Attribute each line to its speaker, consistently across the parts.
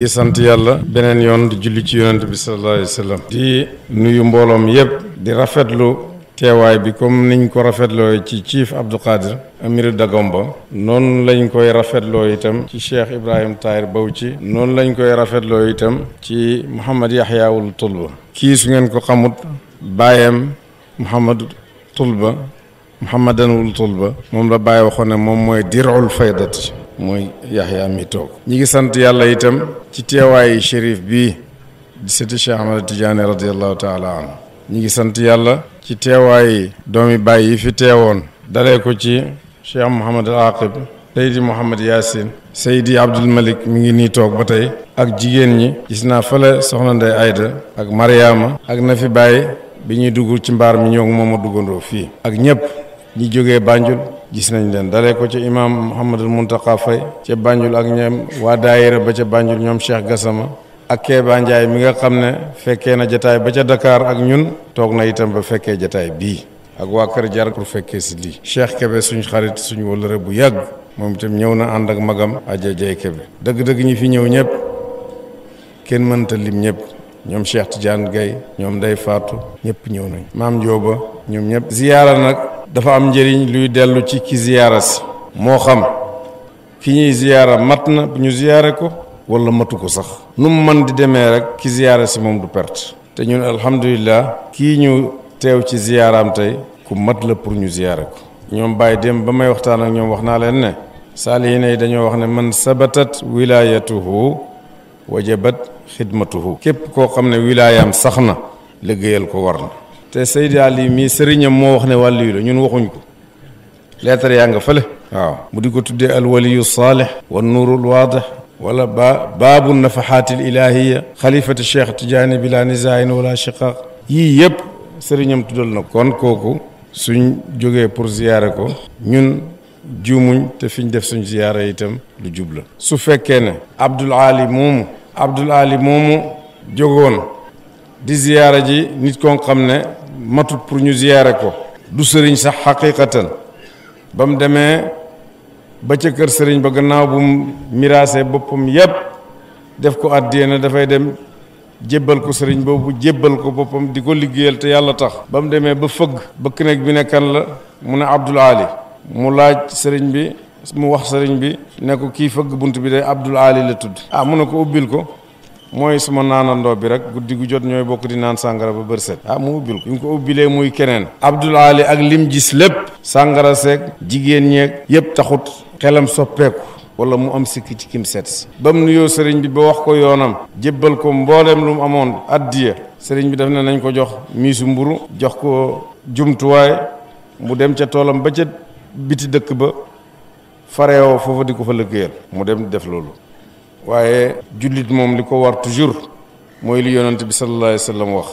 Speaker 1: di sant yàlla beneen yoon di julli ci yonent bi sallallahu alayhi wa sallam di nuyu mbooloom yépp di rafetlu teewaay bi comme niñ ko rafetloo ci Chief Abdou Khadir Amiru Dagomba noon lañ koy rafetloo itam ci Cheikh Ibrahim Tahir Bauchi noonu lañ koy rafetloo itam ci Mouhamad Yaxyaawul Tulba kii su ngeen ko xamut baayam Mouhamad Tulba Mouhamadanul Tulba moom la bàyyi waxoon ne moom mooy dirul faydati mooy Yaxya mi toog ñi ngi sant yàlla itam ci teewaayu shérif bii di sëti Cheikh Ahmad Tidiane radiallahu taala anhu ñi ngi sant yàlla ci teewaayu doomi bàyyi yi fi teewoon dalee ko ci Cheikh Mouhamad al Aqib Seydi Mouhamad Yaasin Seydi Abdul Malik mi ngi nii toog ba tey ak jigéen ñi gis naa fële soxna Ndey Ayda ak Mariama ak Nafi Baye bi ñuy dugg ci mbaar mi ñoo ngi moom a duggandoo fii ak ñëpp ñi jógee Banjul gis nañ leen dalee ko ci imaam Mouhamadul Mountakha Faye ca Banjul ak ñoom waa daayira ba ca Banjul ñoom Cheikh Gassama ak Kéba Ndiaye mi nga xam ne fekkee na jataay ba ca dakaar ak ñun toog na itam ba fekkee jataay bii ak waa Kër Jar pour fekkee si lii Cheikh Kébé suñu xarit suñu wëllëre bu yàgg moom itam ñëw na ànd ak magam Adja Dieye dëgg-dëgg ñi fi ñëw ñëpp kenn mënta lim ñëpp ñoom Cheikh Tidiane gay ñoom day Fatou ñëpp ñëw nañ dafa am njëriñ luy dellu ci ki ziyaara si moo xam ki ñuy ziyaara mat na ñu ziyaare ko wala matu ko sax nu mu man di demee rek ki ziyaara si moom du perte te ñun alhamdulilah kii ñu teew ci ziyaaraam tey ku mat la pour ñu ziyaare ko ñoom bàyyi dem ba may waxtaan ak ñoom wax naa leen ne saalihiina yi dañoo wax ne man sabatat wilaayatuhu wajabat xidmatuhu képp koo xam ne wilaayaam sax na liggéeyal ko war na te Seydi Ali mii sëriñam moo wax ne wàlliyu la ñun waxuñ ko leetar yaa nga fële waaw mu di ko tuddee alwaliyu saalih wa nuurul waadih wala ba baabu nafahaati l ilahiya xalifati cheikh tijaani bila nisaayin wala shiqaq yii yëpp sëriñam tuddal na kon kooku suñ jógee pour ziyaare ko ñun juumuñ te fiñ def suñ ziyaara itam lu jubla su fekkee ne abdul aali moomu abdul aali moomu jógoon di ziyaara ji nit ko xam ne matut pour ñu ziyaare ko du sëriñ sax xaqiqatan ba mu demee ba ca kër sëriñ ba gannaaw bu mu miraasee boppam yépp def ko àddiyeena dafay dem jébbal ko sëriñ boobu jébbal ko boppam di ko liggéeyal te yàlla tax ba mu demee ba fëgg bëkk nekk bi nekkan la mu ne Abdul Ali mu laaj sëriñ bi mu wax sëriñ bi ne ko kii fëgg bunt bi day Abdul Ali la tudd ah mu ne ko ubbil ko mooy suma naanandoo bi rek guddi gu jot ñooy bokk di naan sàngara ba bër set ah mu ubbil ko ñu ko ubbilee muy keneen abdul ali ak lim gis lépp sàngara seek jigéen ñeeg yépp taxut xelam soppeeku wala mu am sikk ci kim set ba mu nuyoo sëriñ bi ba wax ko yoonam jébbal ko mbooleem lu mu amoon addiya sëriñ bi daf ne nañ ko jox miisu mburu jox ko jumtuwaay mu dem ca toolam ba ca biti dëkk ba fareewoo foofu di ko fa liggéeyal mu dem def loolu waaye jullit moom li ko war toujours mooy li yonent bi sallallahu alayhi wa sallam wax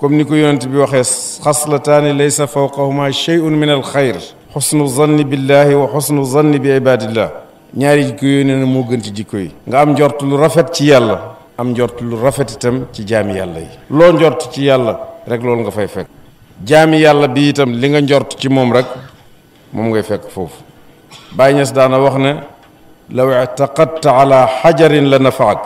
Speaker 1: comme ni ko yonent bi waxee xaslataani laysa fawqahuma sheyun min al xayr xusnu zanni billahi wa xusnu zanni bi ibadillah ñaari jikko yooyu nee na moo gën ci jikko yi nga am njort lu rafet ci yàlla am njort lu rafet itam ci jaami yàlla yi loo njort ci yàlla rek loolu nga fay fekk jaami yàlla bi itam li nga njort ci moom rek moom ngay fekk foofu Baay Ñas daana wax ne law itaqadta ala xajarin la nafaak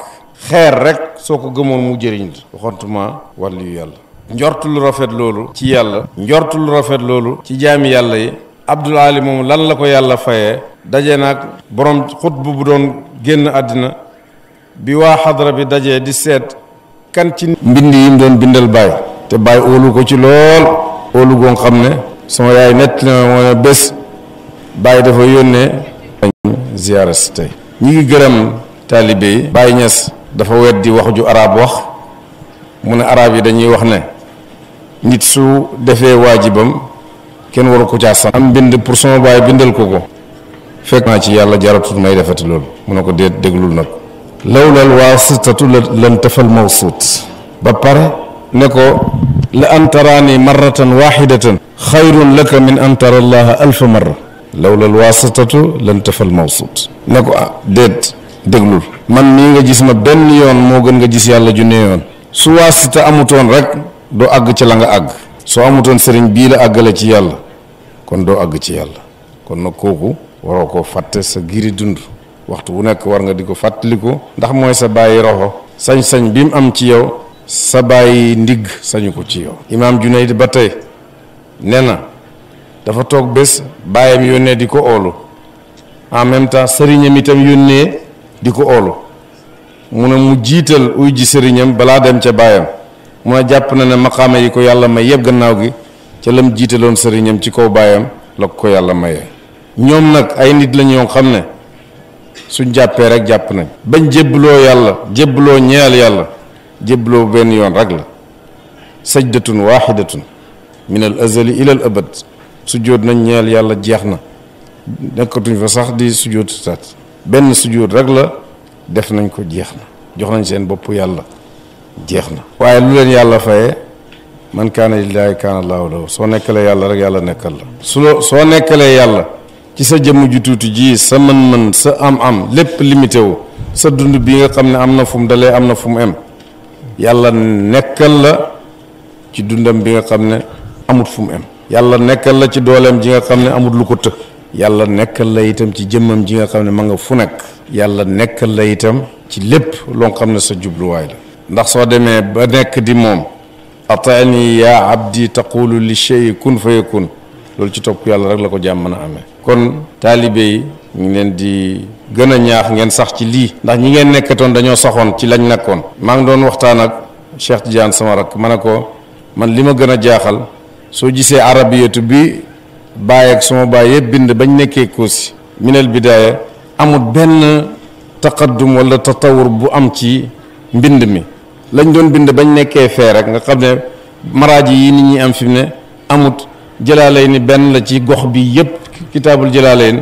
Speaker 1: xeer rekk soo ko gëmoon mu jëriñ la waxantuma wàllu yàlla njort lu rafet loolu ci yàlla njort lu rafet loolu ci jaami yàlla yi abdul ali moom lan la ko yàlla fayee daje nag borom xutb bu doon génn àddina bi waa xadra bi dajee di seet kan ci mbind yi mu doon bindal bàyyi te bàyyi óolu ko ci lool óolu goo xam ne sama yaay nett na moo bés bàyyi dafa yónnee ziyaara si tey ñi ngi gërëm taalibe yi Baye Niass dafa weddi wax ju arab wax mu ne araab yi dañuy wax ne nit su defee waajibam kenn waru ko caa sant am bind pour sama baay bindal ko ko fekk naa ci yàlla jaratut may defati loolu mu ne ko déet déglul nag lawlal waasitatu lan tafal suut ba pare ne ko la antaraani marratan waxidatan xayrun laka min antara allaha alfa marra lawlal waasatatu lan tafal mawsut ne ko ah déet déglul man mii nga gis ma benn yoon moo gën nga gis yàlla junne yoon su waasita amutoon rek doo àgg ci la nga àgg soo amutoon sëriñ bii la àggale ci yàlla kon doo àgg ci yàlla kon nag kooku waroo koo fàtte sa giri dund waxtu wu nekk war nga di ko fàttaliku ndax mooy sa bàyyi roxo sañ-sañ bi mu am ci yow sa bàyyi ndigg sañu ko ci yow imaam Junayd ba tey nee na dafa toog bés baayam yónnee di ko oolu en même temps sëriñam itam yónnee di ko oolu mu ne mu jiital uy ji sëriñam balaa dem ca baayam mu ne jàpp na ne maqaama yi ko yàlla may yëpp gannaaw gi ca lam jiitaloon sëriñam ci kaw baayam la ko yàlla mayee ñoom nag ay nit la ñoo xam ne suñ jàppee rek jàpp nañ bañ jébbaloo yàlla jébbaloo ñeel yàlla jébbaloo benn yoon rek la sajdatun waaxidatun min al azali ila abad sujjóot nañ ñeel yàlla jeex na nekkatuñ fa sax di sujjóot sat benn sujjóot rek la def nañ ko jeex na jox nañ seen bopp yàlla jeex na waaye lu leen yàlla faye man kaana lillaahi kaana allaahu lahu soo nekkalee yàlla rek yàlla nekkal la su soo nekkalee yàlla ci sa jëmm ju tuuti ji sa mën-mën sa am-am lépp limité wu sa dund bi nga xam ne am na fu mu dalee am na fu mu em yàlla nekkal la ci dundam bi nga xam ne amut fu em yàlla nekkal la ci dooleem ji nga xam ne amut lu ko të yàlla nekkal la itam ci jëmmam ji nga xam ne ma nga fu nekk yàlla nekkal la itam ci lépp loo xam ne sa jubluwaay la ndax soo demee ba nekk di moom ataani yaa abdi taqulu li shay kun fa yakun loolu ci topp yàlla rek la ko jàmm mën a amee kon taalibe yi ñu leen di gën a ñaax ngeen sax ci lii ndax ñi ngeen nekkatoon dañoo saxoon ci lañ nekkoon maa ngi doon waxtaan ak Cheikh Tidiane sama ma ne ko man li ma gën a jaaxal soo gisee arabiyatu bi bàyyi ak sama bàyyi bind bañ nekkee Koosi minal bidaaya amut benn taqaddum wala tatawur bu am ci mbind mi lañ doon bind bañ nekkee fee rek nga xam ne maraaji yi nit ñi am fi ne amut jëlaalee ni benn la ci gox bi yëpp kitaabul jëlaaleen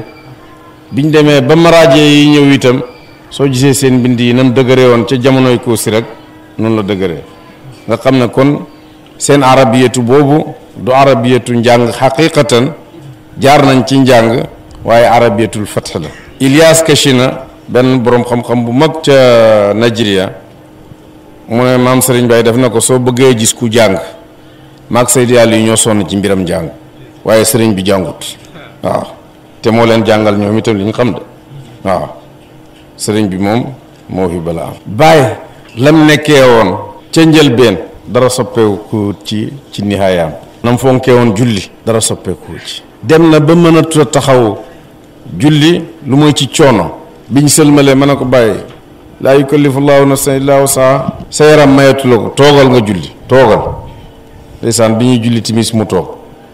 Speaker 1: biñ demee ba maraaje yi ñëw itam soo gisee seen mbind yi nam dëgëree woon ca jamonoy Koosi rek noonu la dëgëree nga xam ne kon seen arabiyatu boobu du arabiyatu njàng xaqiqatan jaar nañ ci njàng waaye arabiyatul fatx la Ilyas Kachina benn boroom xam-xam bu mag ca Nigeria mu ne maam Serigne Baye def na ko soo bëggee gis ku jàng maag Seydi Yàlla yi ñoo sonn ci mbiram njàng waaye Serigne bi jàngut waaw te moo leen jàngal ñoom itam li xam de waaw Serigne bi moom moo fi balaa am. Baye lam nekkee woon ca njëlbeen. dara soppeeku ci ci nihaayaam nam fonkee woon julli dara soppeeku ci dem na ba mën a taxaw julli lu mooy ci coono biñ sëlmalee mën na ko bàyyi laa yukallifu llaahu nafsan illaa wusaha sa yaram mayatu ko toogal nga julli toogal ndeysaan bi ñuy julli timis mu toog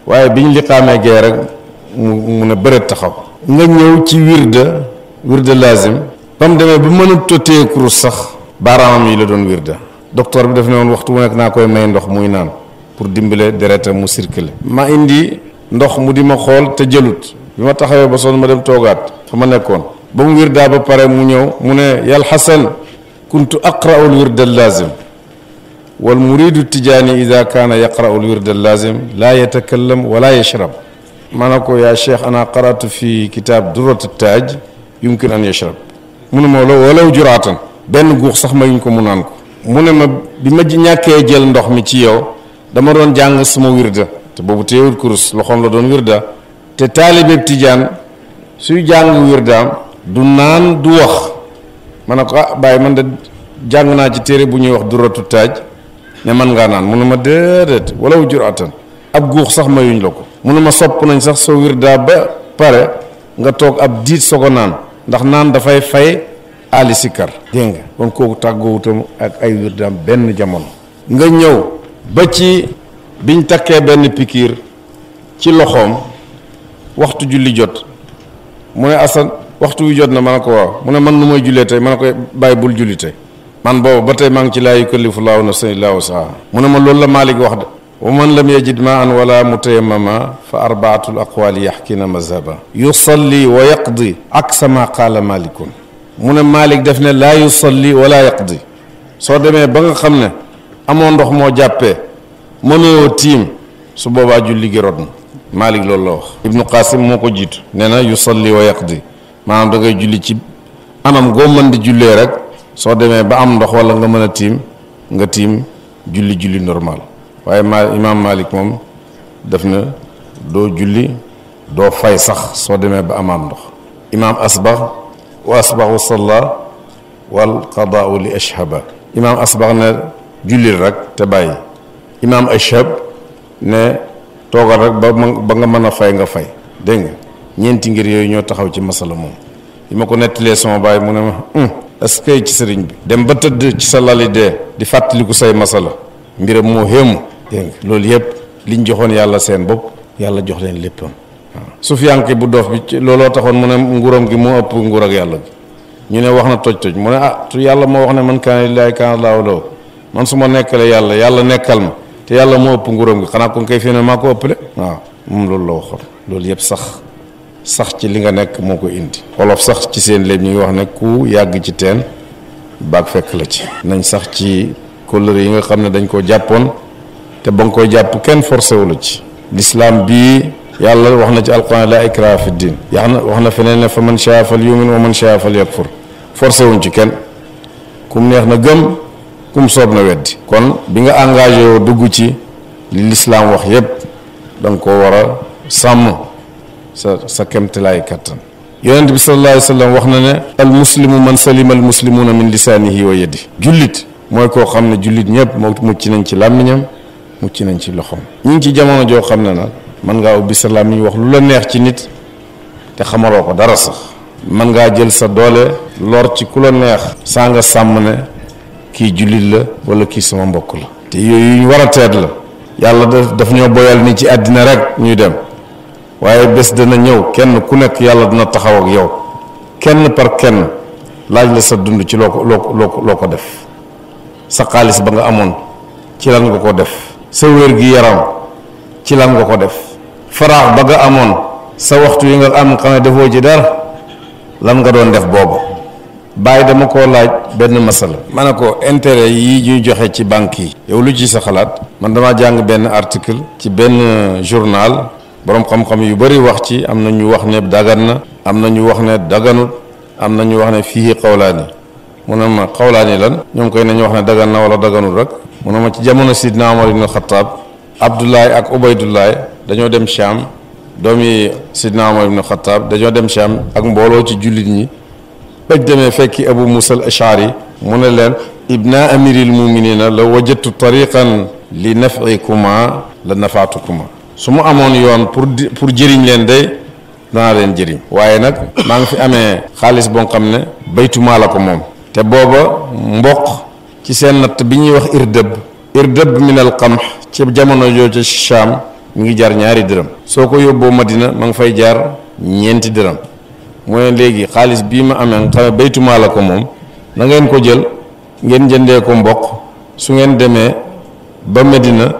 Speaker 1: waaye biñ liqaamee gee rek mu mu ne bëreet taxaw nga ñëw ci wirda wirda laazim ba mu demee ba mënut a téye kurus sax baaraamam yi la doon wirda docteur bi daf ne woon waxtu bu nekk naa koy may ndox muy naan pour dimbale deretam mu circuler ma indi ndox mu di ma xool te jëlut bi ma taxawee ba sonn ma dem toogaat fa ma nekkoon ba mu wir daa ba pare mu ñëw mu ne yal xasan kuntu aqra'ul wirda lazim wal muridu tijaani ida kaana yaqra'ul wirda lazim laa yatakallam wala yashrab ma ne ko yaa cheikh ana qaratu fi kitab duratu taaj yumkin an yashrab mu ne ma walaw juraatan benn guux sax mayuñ ko mu naan ko mu ne ma bi ma ñàkkee jël ndox mi ci yow dama doon jàng suma wirda te boobu teewul kurus loxoom la doon wirda te taalibeeb tijaan suy jàng wirdaam du naan du wax ma ne ko ah bàyyi man de jàng naa ci téere bu ñuy wax duratu taaj ne mën ngaa naan mu ne ma déedéet walaw juratan ab guux sax mayuñ la ko mu ne ma sopp nañ sax soo wirdaa ba pare nga toog ab diit soo naan ndax naan dafay fay ali sikkar dégg nga kon kooku ak ay wirdaam benn jamono nga ñëw ba ci biñ takkee benn pikiir ci loxoom waxtu julli jot mu ne asan waxtu wi jot na ma ne ko waaw mu ne man nu may jullee tey ma ne ko bàyyi bul julli tey man boobu ba tey maa ngi ci laa yukallifu laahu nafsan illaa wusaha mu ne ma loolu la Maalik wax de wa man lam yajid ma an wala mutayammama fa arbaatul aqwaali yaxkina mazhaba yusalli wa yaqdi aksa ma qaala malikun mu ne Malik def ne laa yusalli wala yaqdi soo demee ba nga xam ne amoo ndox moo jàppee mënoo tiim su boobaa julli gi rot na Malik loolu la wax. Ibnu Qasim moo ko jiitu nee na yusalli wa yaqdi maanaam da ngay julli ci anam goo mën di jullee rek soo demee ba am ndox wala nga mën a tiim nga tiim julli julli normal waaye ma imaam Malik moom def na doo julli doo fay sax soo demee ba amaam ndox imaam Asbax. wa asbaxu salla wal qadaau li ashhaba imaam asbax ne jullil rek te bàyyi imaam ashhab ne toogal rek ba ba nga mën a fay nga fay dégg nga ñeenti ngir yooyu ñoo taxaw ci masala moom li ma ko nettalee sama baay mu ne ma est-ce ci sëriñ bi dem ba tëdd ci sa lali di fàttaliku say masala mbiram moo xéemu dégg loolu yëpp liñ joxoon yàlla seen bopp yàlla jox leen léppam su sufiyanke bu doof bi looloo taxoon mu ne nguroom gi moo ëpp nguur ak yàlla gi ñu ne wax na toj toj mu ne ah tu yàlla moo wax ne man kaana lillaahi kaana laahu lahu man su ma nekkalee yàlla yàlla nekkal ma te yàlla moo ëpp nguuram gi xanaa kon kay fii ne maa ko le waaw moom loolu la waxoon loolu yëpp sax sax ci li nga nekk moo ko indi wolof sax ci seen léeb ñu ngi wax ne ku yàgg ci teen baag fekk la ci nañ sax ci kóllëre yi nga xam ne dañ koo jàppoon te ba nga koy jàpp kenn forcé wu ci yàlla wax na ci alquran laa ikraha fi diin yax na wax na feneen ne fa man shaa fal yumin wa man shaa fal yakfur ci kenn kum neex na gëm kum soob na weddi kon bi nga engagé woo dugg ci li lislaam wax yépp danga ko war a sàmm sa sa kemtilaay kattan yonent bi sallallahu alayhi wa wax na ne al muslimu man salima al muslimuna min lisaanihi wa yadi jullit mooy koo xam ne jullit ñëpp moo mucc nañ ci làmmiñam mucc nañ ci loxoom ñu ngi ci jamono joo xam ne nag mën ngaa ubbi sa làmmiñ wax lu la neex ci nit te xamaloo ko dara sax mën ngaa jël sa doole lor ci ku la neex saa nga sàmm ne kii jullit la wala kii sama mbokk la te yooyu ñu war a teet la yàlla daf daf ñoo boyal ni ci àddina rek ñuy dem waaye bés dana ñëw kenn ku nekk yàlla dina taxaw ak yow kenn par kenn laaj la sa dund ci loo loo ko loo ko def sa xaalis ba nga amoon ci lan nga ko def sa wér gi yaram ci lan nga ko def faraax ba nga amoon sa waxtu yi nga am xam ne defoo ci dara lan nga doon def boobu bàyyi dama ko laaj benn masala ma ne ko intere yi ñuy joxe ci banque yi yow lu ci sa xalaat man dama jàng benn article ci benn journal boroom xam-xam yu bari wax ci am na ñu wax ne dagan na am na ñu wax ne daganut am na ñu wax ne fii xawlaani mu ne ma xawlaani lan ñoom koy nañu wax ne dagan na wala daganut rek mu ne ma ci jamono Sidna Omar ibn Xattaab Abdoulaye ak Ubaydullaay dañoo dem Sham doomi Sidna Omar ibnu dañoo dem Sham ak mbooloo ci jullit ñi bañ demee fekki Abu Musa al mu ne leen ibna amiril muminina la wajadtu tariqan li nafikuma la nafaatukuma su mu amoon yoon pour di pour jëriñ leen day danaa leen jëriñ waaye nag maa ngi fi amee xaalis boo xam ne baytumaa la ko moom te booba mboq ci seen natt bi ñuy wax irdëb irdëb min al ci jamono joo ca Cham mi ngi jar ñaari dërëm soo ko yóbboo Madina ma nga fay jaar ñeenti dërëm mooy léegi xaalis bii ma amee xam ne baytumaa la ko moom na ngeen ko jël ngeen jëndee ko mboq su ngeen demee ba meddina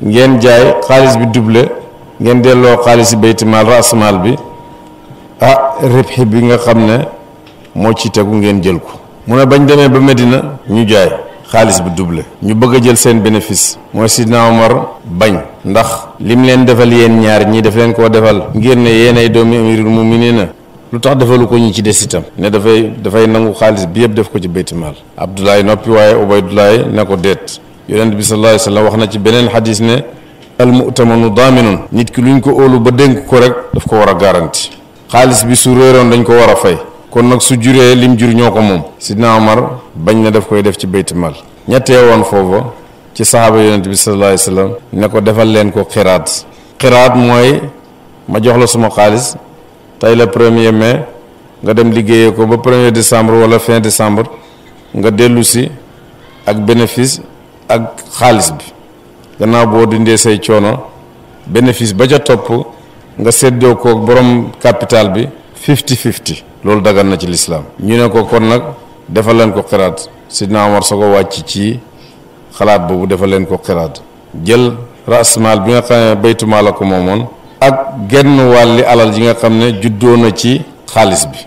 Speaker 1: ngeen jaay xaalis bi double ngeen delloo xaalis baytumaal rasmaal bi ah ribxi bi nga xam ne moo ci tegu ngeen jël ko mu ne bañ demee ba meddina ñu jaay xaalis bu double ñu bëgg a jël seen bénéfice mooy sidna Omar bañ ndax lim leen defal yéen ñaar ñii daf leen koo defal ngir ne yéen ay doomi amirul na lu tax defalu ko ñi ci des itam ne dafay dafay nangu xaalis bi yëpp def ko ci baytimaal Abdoulaye noppi waaye Ubaydulaay ne ko déet yonent bi sallallaahu alayhi wa sallam wax na ci beneen xadis ne al mutamanu daaminun nit ki luñ ko óolu ba dénk ko rek daf ko war a garanti xaalis bi su réeroon dañ ko war a fay kon nag su juree lim jur ñoo ko moom sidna Omar bañ na def koy def ci baytu mal ñettee woon foofa ci sahaaba yonent bi sallallahu alayhi ne ko defal leen ko xiraat xiraat mooy ma jox la suma xaalis tey la premier mai nga dem liggéeyee ko ba premier décembre wala fin décembre nga dellu si ak bénéfice ak xaalis bi gannaaw boo dindee say coono bénéfice ba ca topp nga séddoo koog borom capital bi fifty fifty loolu dagan na ci lislaam ñu ne ko kon nag defal leen ko xiraat sidna Omar sa ko wàcc ci xalaat boobu defal leen ko xiraat jël rasmaal bi nga xam ne baytumaal la ko moomoon ak genn wàlli alal yi nga xam ne juddoo na ci xaalis bi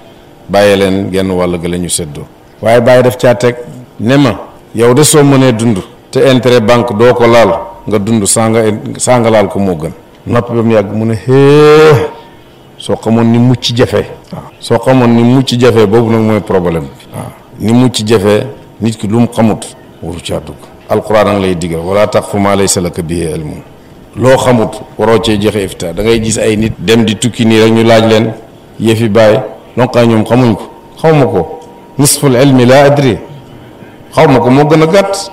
Speaker 1: bàyyi leen genn wàll ga la ñu séddoo waaye bàyyi def caa teg ne ma yow de soo mënee dund te intérêt banque doo ko laal nga dund saa nga saa nga laal ko moo gën noppi ba mu yàgg mu ne xée soo xamoon ni mucc jafe. waaw soo xamoon ni mucc jafe boobu nag mooy problème bi. waaw ni mucc jafe nit ki lu mu xamut waru caa dugg. alquran nga lay digal wala taqfu maa laysa laka bihi ilmun loo xamut waroo cee joxe da ngay gis ay nit. dem di tukki nii rek ñu laaj leen yëfi bàyyi lonkaa ñoom xamuñ ko xawma ko nisful ilmi laa adri xawma ko moo gën a gàtt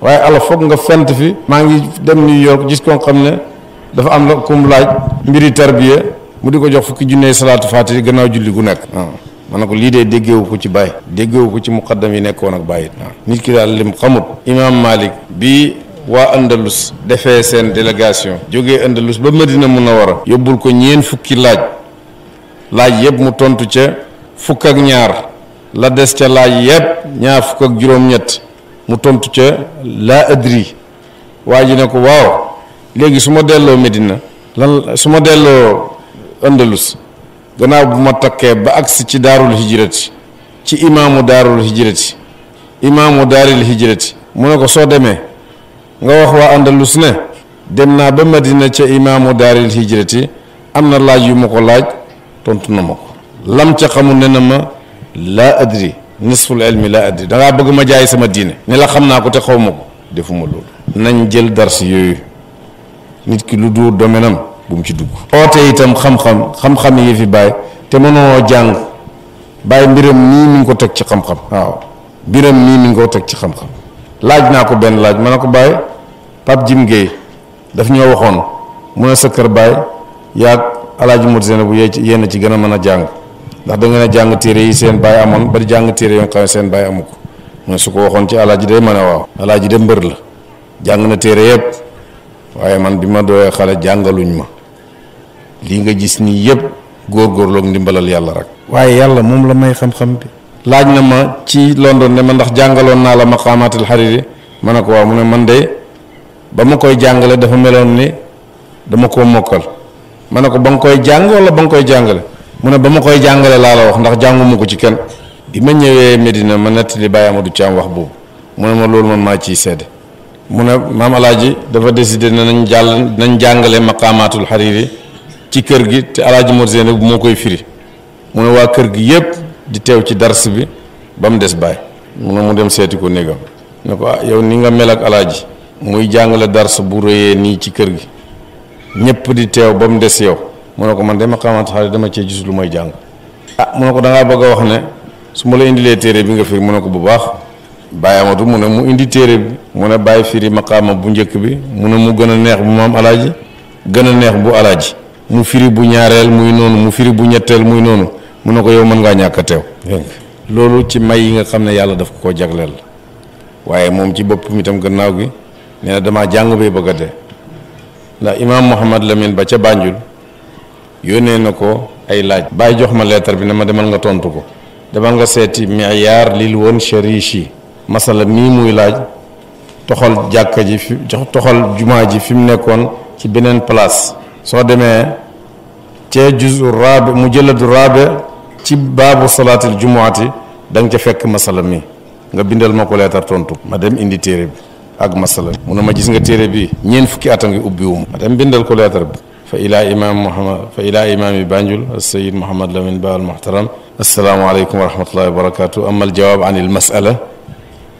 Speaker 1: waaye ala foog nga fent fi maa ngi dem New York gis ko xam ne dafa am la kum laaj mbiri tarbiya mu di ko jox fukki junne salaatu faati gannaaw julli gu nekk waaw ma ne ko lii dee déggewu ko ci bàyyi déggewu ko ci muqaddam yi nekkoon ak bàyyi waaw nit ki daal lim xamut imaam Malik bi waa Andalus defee seen délégation jógee Andalus ba war a yóbbul ko ñeen fukki laaj laaj yépp mu tontu ca fukk ak ñaar la des ca laaj yépp ñaar fukk ak juróom-ñett mu tontu ca laa adri waa ji ne ko waaw léegi su ma delloo Medina lan su ma delloo andalus gannaaw bu ma takkee ba agsi ci daarul hijrati ci imaamu daarul hijrati imaamu daaril hijrati mu ne ko soo demee nga wax waa andalus ne dem naa ba madina ca imaamu daaril hijrati am na laaj yu ma ko laaj tontu na ma ko lam ca xamul ne na ma laa adri nisful ilmi laa adri dangaa bëgg ma jaay sama diine ne la xam naa ko te xaw ma ko defuma loolu nañ jël dars yooyu nit ki lu duur domenam bu mu ci dugg oote itam xam-xam xam-xam yi fi bàyyi te mënoo jàng bàyyi mbiram nii mi ngi ko teg ci xam-xam waaw mbiram nii mi ngi ko teg ci xam-xam laaj naa ko benn laaj man ne ko bàyyi Pape Jim Guèye daf ñoo waxoon mu sa kër bàyyi yaag alaaji mot seen bu yéen ci gën a mën a jàng ndax da ngeen téere yi seen bàyyi amoon ba di jàng xam ne seen bàyyi amu ko mooy su ko waxoon ci alaaji day mën a waaw alaaji de mbër la jàng na téere yëpp waaye man bi ma doyee xale jàngaluñ ma lii nga gis nii yëpp góorgóorloog ndimbalal yàlla rek. waaye yàlla moom la may xam-xam bi. laaj na ma ci London ne ma ndax jàngaloon naa la maqaamaatul Hariri ma ne ko waaw mu ne man de ba ma koy jàngale dafa meloon ni dama koo mokkal ma ne ko ba koy jàng ba nga koy jàngale mu ne ba ma koy jàngale laa la wax ndax jànguma ko ci kenn. bi ma ñëwee Medina ma nettali Baye Amadou Thiam wax boobu mu ne ma loolu man maa ciy sedd mu ne maam Alaaji dafa décidé ne nañ jàll nañ jàngale maqaamaatul Hariri. ci kër gi te alaaji seen Zeynab moo koy firi mu ne waa kër gi yëpp di teew ci dars bi ba mu des bàyyi mu ne mu dem seeti ko néegam ne ko ah yow ni nga mel ak alaaji muy jàngale dars bu rëyee nii ci kër gi ñëpp di teew ba mu des yow mu ne ko man dama xamante xale dama cee gis lu may jàng ah mu ne ko da ngaa bëgg a wax ne su ma la indilee téere bi nga firi mu ne ko bu baax bàyyi amatu mu ne mu indi téere bi mu ne bàyyi firi maqaama bu njëkk bi mu ne mu gën a neex bu maam alaaji gën a neex bu alaaji mu firi bu ñaareel muy noonu mu firi bu ñetteel muy noonu mu ne ko yow mën ngaa ñàkk teew loolu ci may yi nga xam ne yàlla daf ko jagleel waaye moom ci boppam itam gannaaw gi nee na damaa jàng bay bëgg a dee ndax imaam Mouhamad Lamine ba ca Banjul yónnee na ko ay laaj bàyyi jox ma leetar bi na ma demal nga tontu ko demal nga seeti miyaar lil woon cherichi masala mii muy laaj toxal jàkka ji fi toxal jumaa ji fi mu nekkoon ci beneen place soo demee cee juzu raabe mujalladu raabe ci baabu salaatil jumuati da nga ca fekk masala mi nga bindal ma ko leetar tontu ma dem indi téere bi ak masala bi mu ne ma gis nga téere bi ñeen fukki at ngi ubbi wu ma dem bindal ko leetar bi fa ilaa imaam Muhammad fa ilaa imaami Banjul sayid Muhammad Lamin Ba al muhtaram assalaamu aleykum wa rahmatullahi wa barakatu ama aljawaab an almasala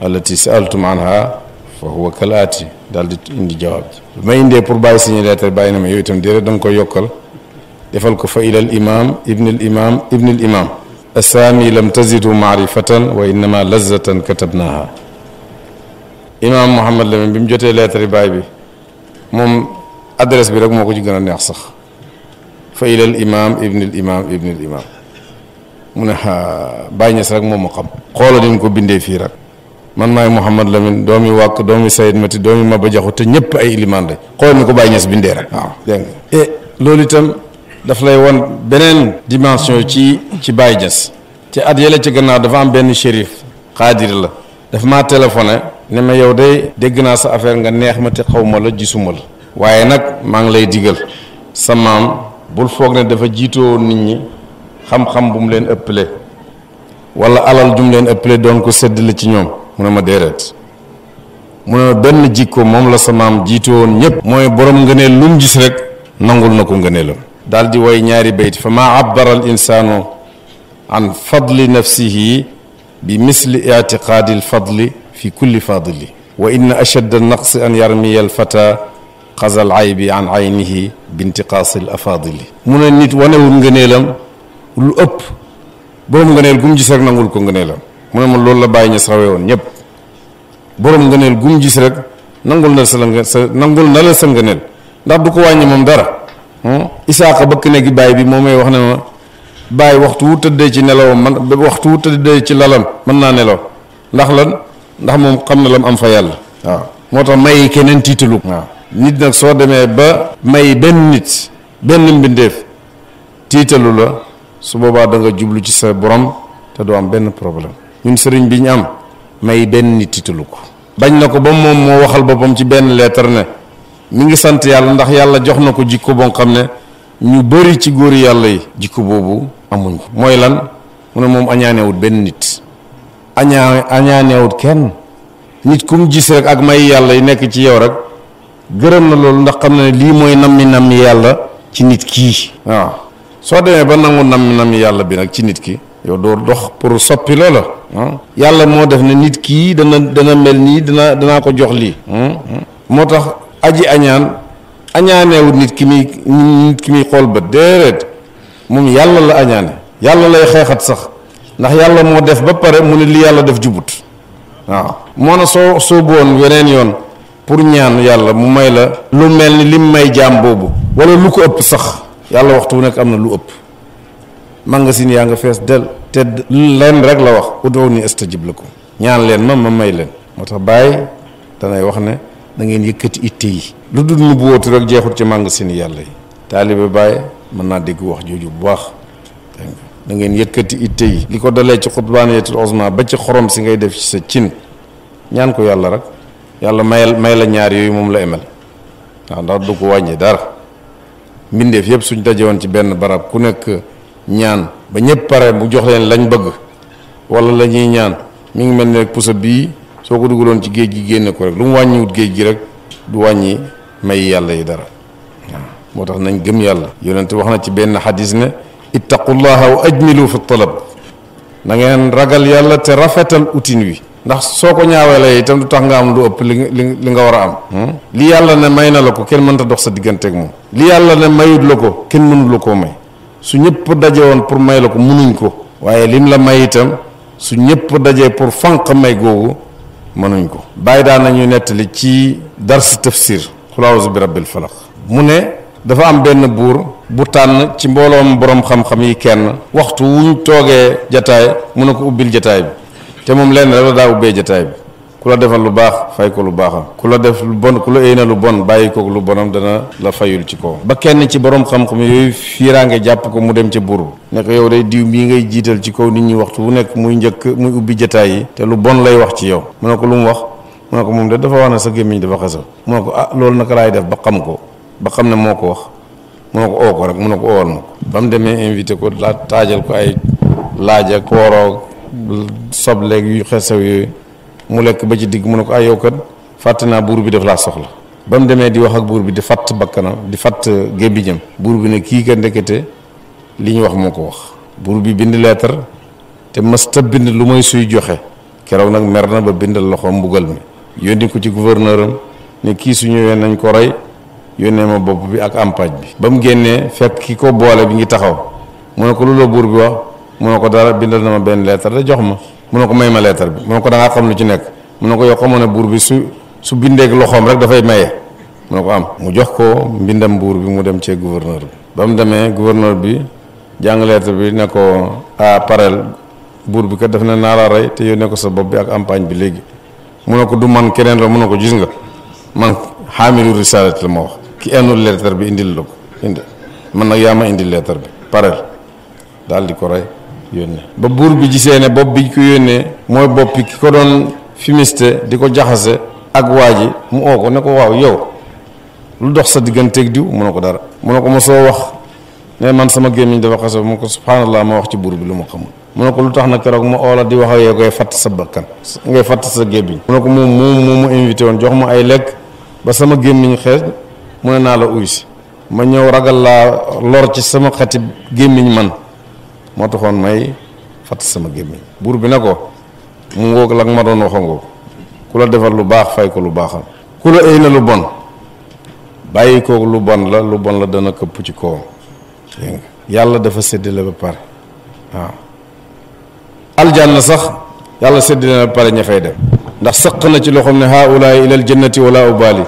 Speaker 1: allati saaltum anha fa huwa kalaati daal di indi jawaab bi ma indee pour bàyyi signé lettre bàyyi na ma yow itam déedéet da nga koy yokkal defal ko fa ilal imaam ibnil imaam ibnil imaam assaami lam tazidu maarifatan wa innama lazzatan katabnaha imaam Mouhamed Lamine bi mu jotee lettre baay bi moom adresse bi rek moo ko ci gën a neex sax fa ilal imaam ibnil imaam ibnil imaam mu ne xaa bàyyi ñes rek moom ma xam xoolal ni ko bindee fii rek man maay Mouhamad Lamine doomi wàkk doomi ma Mati doomi Maba Jaxu te ñëpp ay ilimaan lañ xool ni ko Baye Niass bindee rek waaw nga et eh, loolu itam daf lay won beneen dimension ci ci Baye Niass ci at yële ci gannaaw dafa am benn shérif xaadir la daf maa téléphoné ne ma yow de dégg naa sa affaire nga neex ma te xaw ma la gisuma la waaye nag maa ngi lay digal sa maam bul foog ne dafa jiitoo nit ñi xam-xam bu mu leen ëppale wala alal ju mu leen ëpple doon ko séddale ci ñoom mu ne ma déedéet mu ne benn jikko moom la sa maam jiitu woon ñëpp mooy borom ngëneel lu mu gis rek nangul na ko ngëneelam daal di way ñaari bayt fa maa abbara al insaanu an fadli nafsihi bi misli ictiqaadi al fadli fi kulli fadili wa inna ashadda naqsi an yarmiya al fata xasal aybi an aynihi bintiqaasi al afadili mu ne nit wanewul ngëneelam lu ëpp borom ngëneel gum gis rek nangul ko ngëneelam mu ne ma loolu la bàyyi ñes rawee woon ñëpp borom ngëneel gum gis rek nangul na sa la sa nangul na la ndax du ko wàññi moom dara hmm? isaaka bëkk ne gi baay bi moo may wax ne ma bàyyi waxtu wu tëddee ci nelaw man waxtu wu tëddee ci lalam mën naa nelaw ndax la ndax moom xam na lam am fa yàlla waaw moo tax may keneen tiitalu waaw nit nag soo demee ba may benn nit benn mbindeef tiitalu la su boobaa da nga jublu ci sa borom te du am benn problème ñun sëriñ bi ñu am may benn nit titalu ko bañ na ko ba moom moo waxal boppam ci benn lettre ne mu ngi sant yàlla ndax yàlla jox na ko jikko boo xam ne ñu bëri ci góor yàlla jikko boobu amuñ ko mooy lan mu ne moom añaanewut benn nit añaa añaanewut kenn nit kum mu gis rek ak may yàlla yi nekk ci yow rek gërëm na loolu ndax xam na ne lii mooy nammi nammi yàlla ci nit kii waaw soo demee ba nangu nammi nammi yàlla bi nag ci nit ki yow doo dox pour soppi loola Ah. yàlla moo def ne nit kii dana dana mel nii dana danaa ko jox lii hmm, hmm. moo tax aji añaan añaaneewut nit ki muy nit ki muy xool ba déedéet moom yàlla la añaane yàlla lay xeexat sax ndax yàlla moo def ba pare mu ne li yàlla def jubut waaw moo na soo sooboon weneen yoon pour ñaan yàlla mu may la lu mel ni lim may jaam boobu wala lu ko ëpp sax yàlla waxtu wu nekk am na lu ëpp magasin yaa nga fees del te leen rek la wax ud'uuni astajib ko ñaan leen ma ma may leen moo tax bàyyi danay wax ne da ngeen yëkkati itte yi lu dul nu bu wóotu jeexut ci màng sini yàlla yi taalibe bàyyi mën naa dégg wax jooju bu baax da ngeen yëkkati itte yi li ko dalee ci xutbaaniyatul uzma ba ci xorom si ngay def ci sa cin ñaan ko yàlla rek yàlla mayal may la ñaar yooyu moom la emel waaw ndax du ko wàññi dara mbindeef yëpp suñ dajewoon ci benn barab ku nekk ñaan ba ñëpp pare bu jox leen lañ bëgg wala la ñuy ñaan mi ngi mel ni rek puso bii soo ko dugaloon ci géej gi génne ko rek lu mu wàññiwut géej gi rek du wàññi may yàlla yi dara waaw moo tax nañ gëm yàlla yonent wax na ci benn xadis ne ittaqullaha wa ajmilu fi talab na ngeen ragal yàlla te rafetal utin wi ndax soo ko ñaawee ñaaweelee itam du tax nga am lu ëpp li li nga war a am hmm? li yàlla ne may na la ko kenn mënta dox sa digganteeg moom li yàlla ne mayut la ko kenn mënul la koo may su ñëpp daje woon pour may la ko munuñ ko waaye lim la may itam su ñëpp dajee pour fànq may googu mënuñ ko bàyyi daan nañu nettali ci dars tafsir xulaawusu bi rabbil falaq mu ne dafa am benn buur bu tànn ci mbooloom boroom xam-xam yi kenn waxtu wuñ toogee jataay mun ne ko ubbil jataay bi te moom lenn rek la daa ubbee jataay bi ku la defal lu baax fay ko lu baaxam ku la def lu bon ku la éy na lu bon bàyyi ko lu bonam dana la fayul ci kaw ba kenn ci borom xam-xam yooyu fiiraange jàpp ko mu dem ca buru ne yow day diw mii ngay jiital ci kaw nit ñi waxtu wu nekk muy njëkk muy ubbi jataay yi te lu bon lay wax ci yow mu ne ko lu mu wax mu ne ko moom de dafa wax ne sa gémmiñ dafa xasa mu ne ko ah loolu naka laay def ba xam ko ba xam ne moo ko wax mu ne ko oo ko rek mu ne ko oowal ma demee invité ko la taajal ko ay laaj ak kooroog sobleeg yooyu mu lekk ba ci digg mu ne ko ay ah, yow kat fàtte naa buur bi def laa soxla ba mu demee di wax ak buur bi di fàtt bakkanam di fàtt gémmiñam buur bi ne kii ka ndekete li ñu wax moo ko wax buur bi bind leetar te mësta bind lu may suy joxe keroog nag mer na ba bindal loxoom mbugal mi yónni ko ci gouverneur am ne kii su ñëwee nañ ko rey yónnee ma bopp bi ak ampaaj bi ba mu génnee fekk ki ko boole bi ngi taxaw mu ne ko lu la buur bi wax mu ne ko dara bindal na ma benn leetar da jox ma mun na ko may ma leetar bi mu ne ko da ngaa xam lu ci nekk mu ne ko yow xamoon ne buur bi su su bindeeg loxoom rek dafay maye mu ne ko am mu jox ko mbindam buur bi mu dem cee gouverneur bi ba mu demee gouverneur bi jàng leetar bi ne ko a ah, parel buur bi kat daf ne naa la rey te yónnee ko sa bopp bi ak campagne bi léegi mu ne ko du man keneen la mu ne ko gis nga man xaamilu risalat la ma wax ki ennul leetar bi indil la ko indi man nag yaa ma indil leetar bi parel daal ko rey yónnee ba buur bi gisee bopp bi ko yónnee mooy boppi ki ko doon fumiste di ko jaxase ak waa ji mu oo ko ne ko waaw yow lu dox sa digganteeg diw mun ne ko dara mu ne ko ma soo wax ne man sama gémmiñ dafa xase mu ko subhanallah ma wax ci buur bi lu ma xamul mu ne ko lu tax na keroog ma oola di wax ak yow ngay fàtt sa bakkan ngay fàtt sa gémmiñ mu ne ko moom moom moom mu invité woon jox ma ay lekk ba sama gémmiñ xees mu ne naa la uy ma ñëw ragal laa lor ci sama xati gémmiñ man moo taxoon may fatt sama gémmiñ buur bi na ko mu ngoog la ma doon waxa ku la defal lu baax fay ko lu baaxal ku la ay na lu bon bàyyi lu bon la lu bon la dana këpp ci kawam yàlla dafa séddale ba pare waaw aljanna sax yàlla séddale ba pare ña fay dem ndax sëq na ci loxoom ne haulaay ilal jannati wala ubali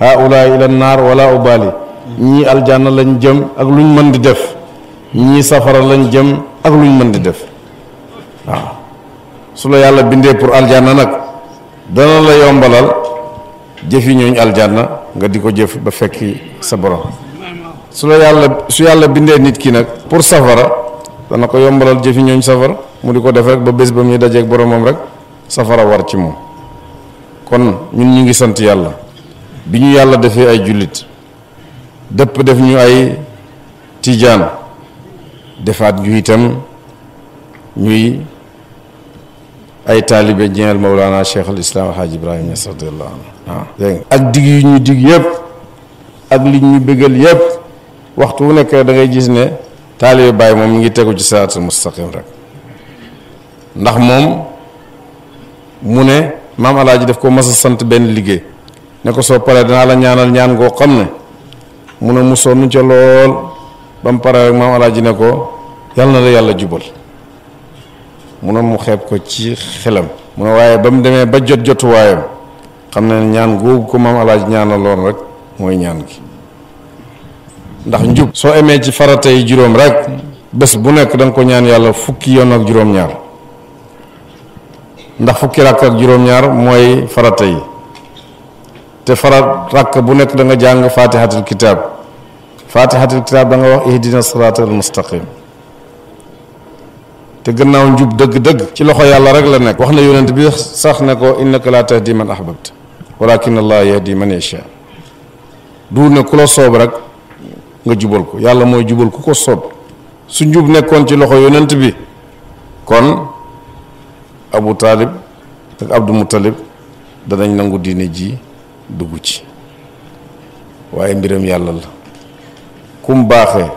Speaker 1: haulaay ilal naar wala ubali ñii aljanna lañ jëm ak luñ mën di def ñii safara lañ jëm ak luñ mën di def waaw su la yàlla bindee pour aljanna nag dana la yombalal jëf jëfi ñooñ aljanna nga di ko jëf ba fekki sa borom su la yàlla su yàlla bindee nit ki nag pour safara dana ko yombalal jëfi ñooñ safara mu di ko def rek ba bés ba muy dajeeg boromam rek safara war ci moom kon ñun ñu ngi sant yàlla bi ñu yàlla defee ay jullit dëpp def ñu ay tiijaan defaat ju itam ñuy ay taalibe jënal Mawlana Cheikh al Islam Alhaaj Ibrahima Niass radiyallahu anhu ah, dégg ak digg yu ñu digg yëpp ak li ñu bëggal yépp waxtu wu nekk dangay gis ne taalibe Baay moom mi ngi tegu ci siraatul mustaqim rek ndax moom mu ne maam alaaji daf ko mas sant benn liggéey ne ko soo paree danaa la ñaanal ñaan ngoo xam ne mu ne mu sonn ca lool ba mu paree rek maam alaaji ne ko yàlla na la yàlla jubal mu ne mu xeeb ko ci xelam mu ne waaye ba mu demee ba jot jotuwaayam xam ne ñaan googu ko maam alaaji ñaanaloon rek mooy ñaan gi ndax njub soo amee ci farata yi juróom rekk bés bu nekk da ko ñaan yàlla fukki yoon ak juróom-ñaar ndax fukki ràkk ak juróom-ñaar mooy farata yi te farat ràkk bu nekk da nga jàng faatihatul kitaab fatihatul kitaab da nga wax ihdina siraatal mustaqim te gannaaw njub dëgg-dëgg ci loxo yàlla rek la nekk wax na yonent bi sax ne ko innaka laa tahdi man ahbabta walakin allah yahdi man yasha du ne ku la soob rek nga jubal ko yàlla mooy jubal ku ko soob su njub nekkoon ci loxo yonent bi kon abu taalib ak abdu muttalib danañ nangu diine ji dugg ci waaye mbiram yàlla la kum baaxee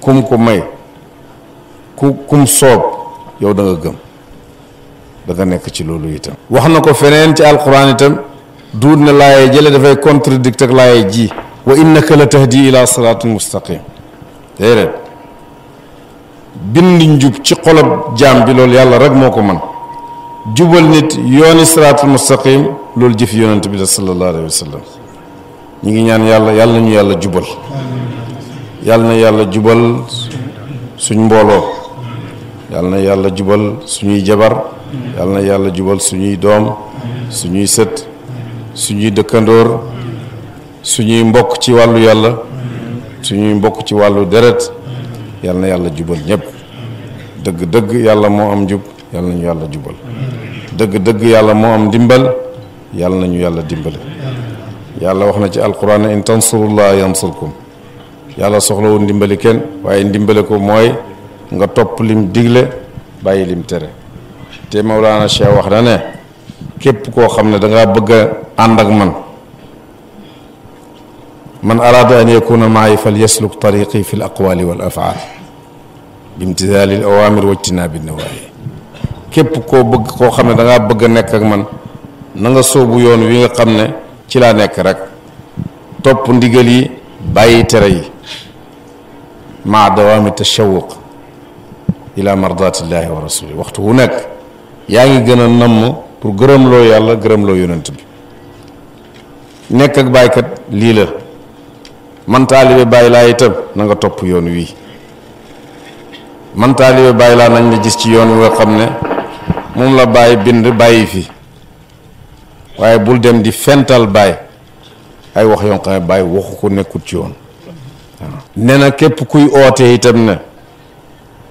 Speaker 1: kum ko may ku kum soob yow da nga gëm da nekk ci loolu itam wax na ko feneen ci alquran itam duut na laaye jële dafay contradict ak laaye ji wa innaka la tahdi ila siraatin mustaqim déedéet bind njub ci xolob jaam bi loolu yàlla rek moo ko man jubal nit yooni siraatul mustaqim loolu jëf yonent bi da sallallahu alayhi wa sallam ñu ngi ñaan yàlla yàlla ñu yàlla jubal yàlla na yàlla jubal suñ mbooloo yàlla na yàlla jubal suñuy jabar yàlla na yàlla jubal suñuy doom suñuy set suñuy dëkkandoor suñuy mbokk ci wàllu yàlla suñuy mbokk ci wàllu deret yàlla na yàlla jubal ñëpp dëgg-dëgg yàlla moo am jub yàlla nañu yàlla jubal dëgg-dëgg yàlla moo am dimbal yàlla nañu yàlla dimbale yàlla wax na ci alquran in tansurullaha yansurkum yàlla soxlawul ndimbali kenn waaye ndimbale ko mooy nga topp lim digle bàyyi lim tere te Mawlaana Cheikh wax na ne képp koo xam ne dangaa bëgg a ànd man man araada an yakuna maay fal yasluk tariqi fi l aqwali wal afaal bimtisaali l awaamir wa jtinaabi nawaayi képp koo bëgg koo xam ne danga bëgg a nekk ak man na nga sóobu yoon wi nga xam ne ci laa nekk rek topp ndigal yi bàyyi tere yi ma dawaami tashawuq ila mardatillahi wa waxtu wu nekk yaa ngi gën a namm pour gërëmloo yàlla gërëmloo yonent bi nekk ak bàyyikat lii la man taalibe bàyyi laa itam na nga topp yoon wii man taalibe bàyyi laa nañ la gis ci yoon wi nga xam ne moom la bàyyi bind bàyyi fii waaye bul dem di fental bàyyi ay wax yoo xam ne bàyyi waxu ko nekkul ci yoon ne na képp kuy oote itam na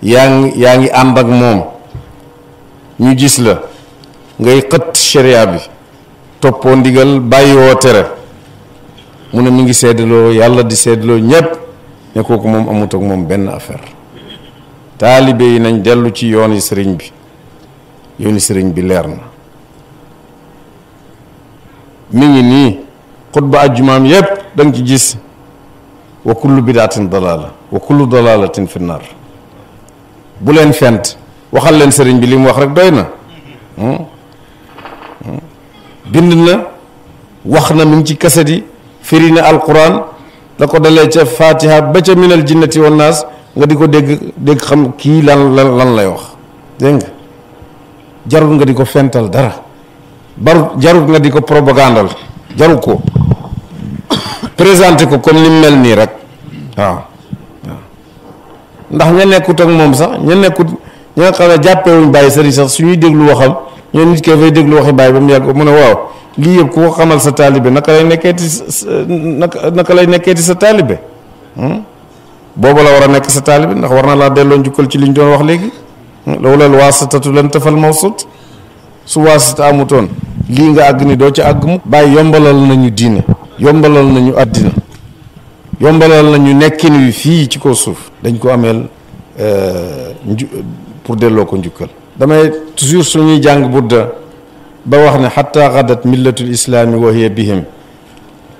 Speaker 1: yaa ngi yaa ngi ànd ak moom ñu gis la ngay xët sharia bi toppoo ndigal bàyyiwoo tere mu ne mi ngi seddaloo yàlla di seddaloo ñépp ne moom amut ak moom benn affaire taalibe yi nañ dellu ci yoon yooni sëriñ bi yooni sëriñ bi leer na mi ngi nii xutba ajjumaam yépp da ci gis wa kullu bidaatin dalaala wa kullu dalaalatin fi naar bu leen fent waxal leen sëriñ bi li wax rek doy na hmm? Hmm? bind na wax na mi ngi ci kaset yi firi na alquran la ko dalee ca fatiha ba ca minal jinnati wan naas nga di ko dégg dégg xam kii lan lan lan lay wax dégg nga nga di ko fental dara barut jarut nga di ko propagandal jaru ko présenté ko comme ni mu mel nii rek waaw ndax ña nekkut ak moom sax ña nekkut ña nga xam ne jàppewuñ bàyyi sëriñ sax suñuy déglu waxam ñoo nit kee fay déglu waxi bàyyi ba mu yàgg mu ne waaw lii yëpp ku ko xamal sa taalibe naka lay nekkeeti naka naka lay nekkeeti sa taalibe hmm? boobu la war a nekk sa taalibe ndax war na laa delloo njukkal ci li ñu doon wax léegi hmm? loolu la waasatatu lan tafal sut su waasata amutoon lii nga àgg ni doo ci àgg mu bàyyi yombalal nañu diine yombalal nañu àddina yombalal ñu nekkin wi fii ci kaw suuf dañ ko ameel euh, pour delloo ko njukkal damay toujours suñuy jàng budda ba wax ne xatta xadat millatul islaami wa hiya bihim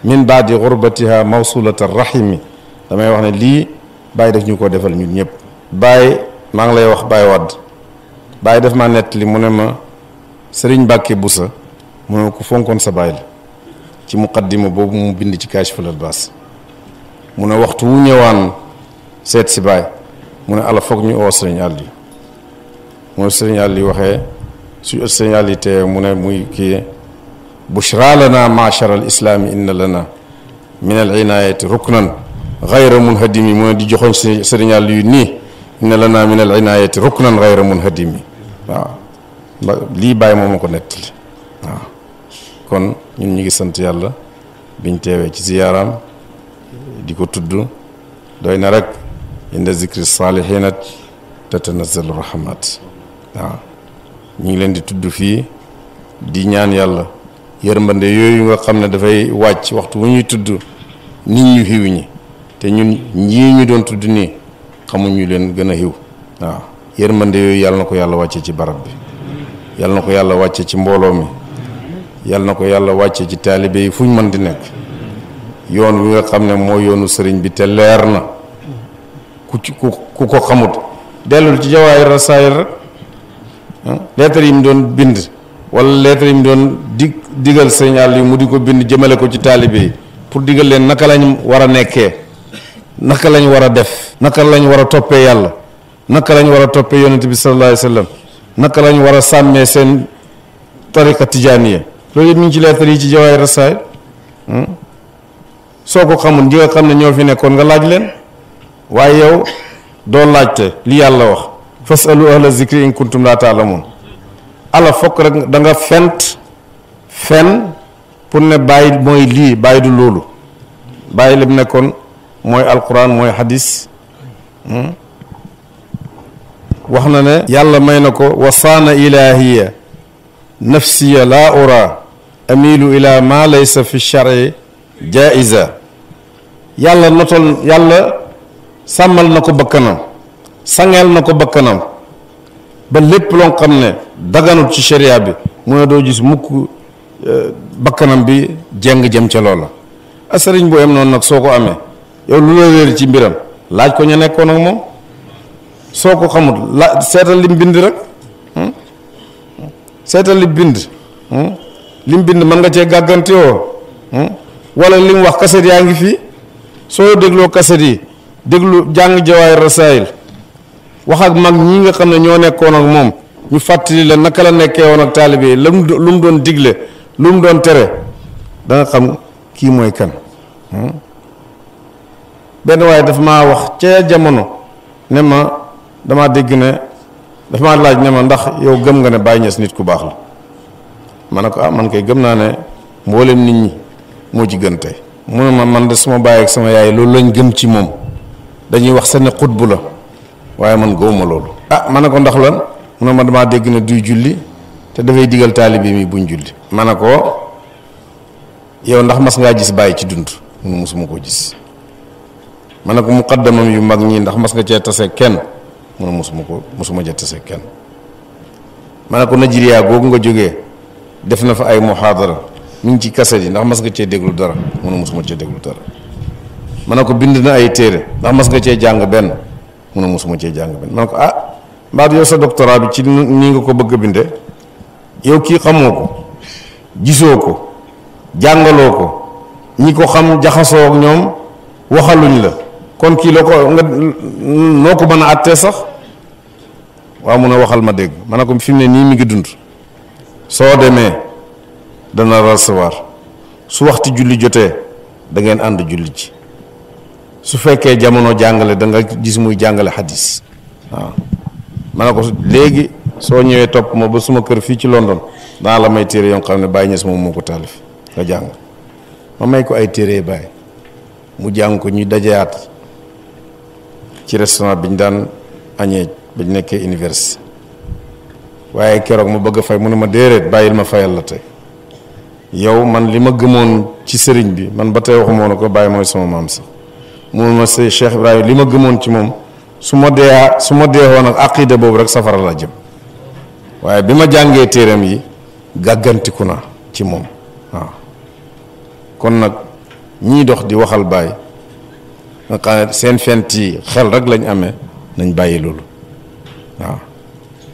Speaker 1: min baadi xurbatiha mawsulata rahimi damay wax ne lii bàyyi daf ñu ko defal ñun ñëpp bàyyi maa ngi lay wax bàyyi wadd bàyyi def ma nett li mu ne ma sëriñ Mbàkke Busa mu ne ko fonkoon sa bàyyi la ci muqaddima boobu mu bind ci kaashiful ilbaas mu ne waxtu wu ñëwaan seet si baay mu ne ala foog ñu oo sëriñ àll yi mu ne sëriñ àll yi waxee su sëriñ yi te mu ne muy kii bushra lana maachara al islaami inna lana min al inaayati ruknan gayra munhadimi mu ne di joxoñ sëriñ àll yu nii inna lana min al inaayati ruknan gayra munhadimi waaw lii bàyyi moom ma ko nettali waaw kon ñun ñu ngi sant yàlla biñ teewee ci ziyaaraam di ko tudd doy na rek inda zikri saalihiina tatanazzalu rahmat waaw ñu ngi leen di tudd fii di ñaan yàlla yërmande yooyu nga xam ne dafay wàcc waxtu wu ñuy tudd nit ñu xiw ñi te ñun ñii ñu doon tudd nii xamuñu leen gën a xiw waaw yërmande yooyu yàlla na ko yàlla wàcce ci barab bi yàlla na ko yàlla wàcce ci mbooloo mi yàlla na ko yàlla wàcce ci taalibe yi fu ñu mën di nekk yoon wi nga xam ne moo yoonu sëriñ bi te leer na ku ci ku ku ko xamut dellul ci jawaay rasaayil rek ah, lettre yi mu doon bind wala lettre yi mu doon dig digal sëriñ àll yi mu di ko bind jëmale ko ci taalibe yi pour digal leen naka lañ war a nekkee naka lañ war a def naka lañ war a toppee yàlla naka lañ war a toppee yonent bi sallallahu alayhi naka lañ war a sàmmee seen tariqa yi loolu yëpp ñu ci lettre yi ci jawaay rasaay hmm? soo ko xamul ñi nga xam ne ñoo fi nekkoon nga laaj leen waaye yow doo laajte li yàlla wax fasalu ahla zikri in kuntum laa taalamuun ala fokk rek danga fent fen pour ne bàyyi mooy lii bàyyi du loolu bàyyi lim nekkoon mooy alquran mooy hadis hmm? wax na ne yàlla may na ko wasaana ilaahiya nafsiya laa ura amilu ila ma laysa fi shari jaiza yàlla notal yàlla sàmmal na ko bakkanam sangeel na ko bakkanam ba lépp loo xam ne daganut ci sharia bi mu ne doo gis mukk bakkanam bi jeng jëm ca loola asariñ boo am noonu nag soo ko amee yow lu la réer ci mbiram laaj ko ñu nekkoon ak moom soo ko xamut la seetal lim bind rek seetal li bind hmm? li bind man nga cee gàggante woo hmm? wala li mu wax kaset yaa ngi fi soo dégloo kaset yi déglu jàng jawaay rasaayil wax ak mag ñi nga xam ne ñoo nekkoon ak moom ñu fàttali la naka la nekkee woon ak taalibe yi lu mu doon digle lu mu doon tere da xam kii mooy kan hmm? benn waaye dafa maa wax ca jamono ne ma dama dégg ne dafa ma laaj ne ma ndax yow gëm nga ne Baye Niass nit ku baax la ma ne ko ah man kay gëm naa ne mboolem nit ñi moo ci gën tey mu ne man de suma baay ak sama yaay loolu lañ gëm ci moom dañuy wax seen xutbu la waaye man gëwuma loolu. ah ma ne ko ndox lan mu ne dégg na duy julli te dafay digal taalibe mi buñ julli. ma ne ko yow ndax mas ngaa gis bàyyi ci dund mu ne mosuma koo gis ma ne ko muqaddamam yu mag ñii ndax mas nga cee tase kenn. mu ne mosuma ko mosuma jot see kenn ma ne ko Nigeria googu nga jóge def na fa ay muhaadara mi ngi ci kaset yi ndax mas nga cee déglu dara mu ne mosuma cee déglu dara ma ne ko bind na ay téere ndax mas nga cee jàng benn mun ne mosuma cee jàng benn ma ne ko ah mbaat yow sa doctorat bi ci nii nga ko bëgg a bindee yow kii xamoo ko gisoo ko jàngaloo ko ñi ko xam jaxasoo ak ñoom waxaluñ la kon kii loo ko nga noo ko mën a àttee sax waaw mun a waxal ma dégg man ne ko fi mu ne nii mi ngi dund soo demee dana recevoir su waxtu julli jotee dangeen ànd julli ji su fekkee jamono jàngale danga gis muy jàngale xadis waaw ma ne ko léegi soo ñëwee topp ma ba suma kër fii ci London daa la may téere yoo xam ne bàyyi Niass moom moo ko taalif nga jàng ma may ko ay téere Baye mu jàng ko ñu dajayaat ci restaurant bi ñu daan añee ba ñu nekkee université waaye keroog ma bëgg a fay mu ne ma déedéet bàyyil ma fayal la tey yow man li ma gëmoon ci sëriñ bi man ba tey waxuma woon ko bàyyi mooy sama maam sax mu ne ma sëy Cheikh Ibrahima li ma gëmoon ci moom su ma dee su ma dee woon ak aqida boobu rek safara laa jëm waaye bi ma jàngee téeram yi gàggantiku na ci moom waaw kon nag ñiy dox di waxal bàyyi nga seen fent yi xel rek lañu amee nañ bàyyi loolu waaw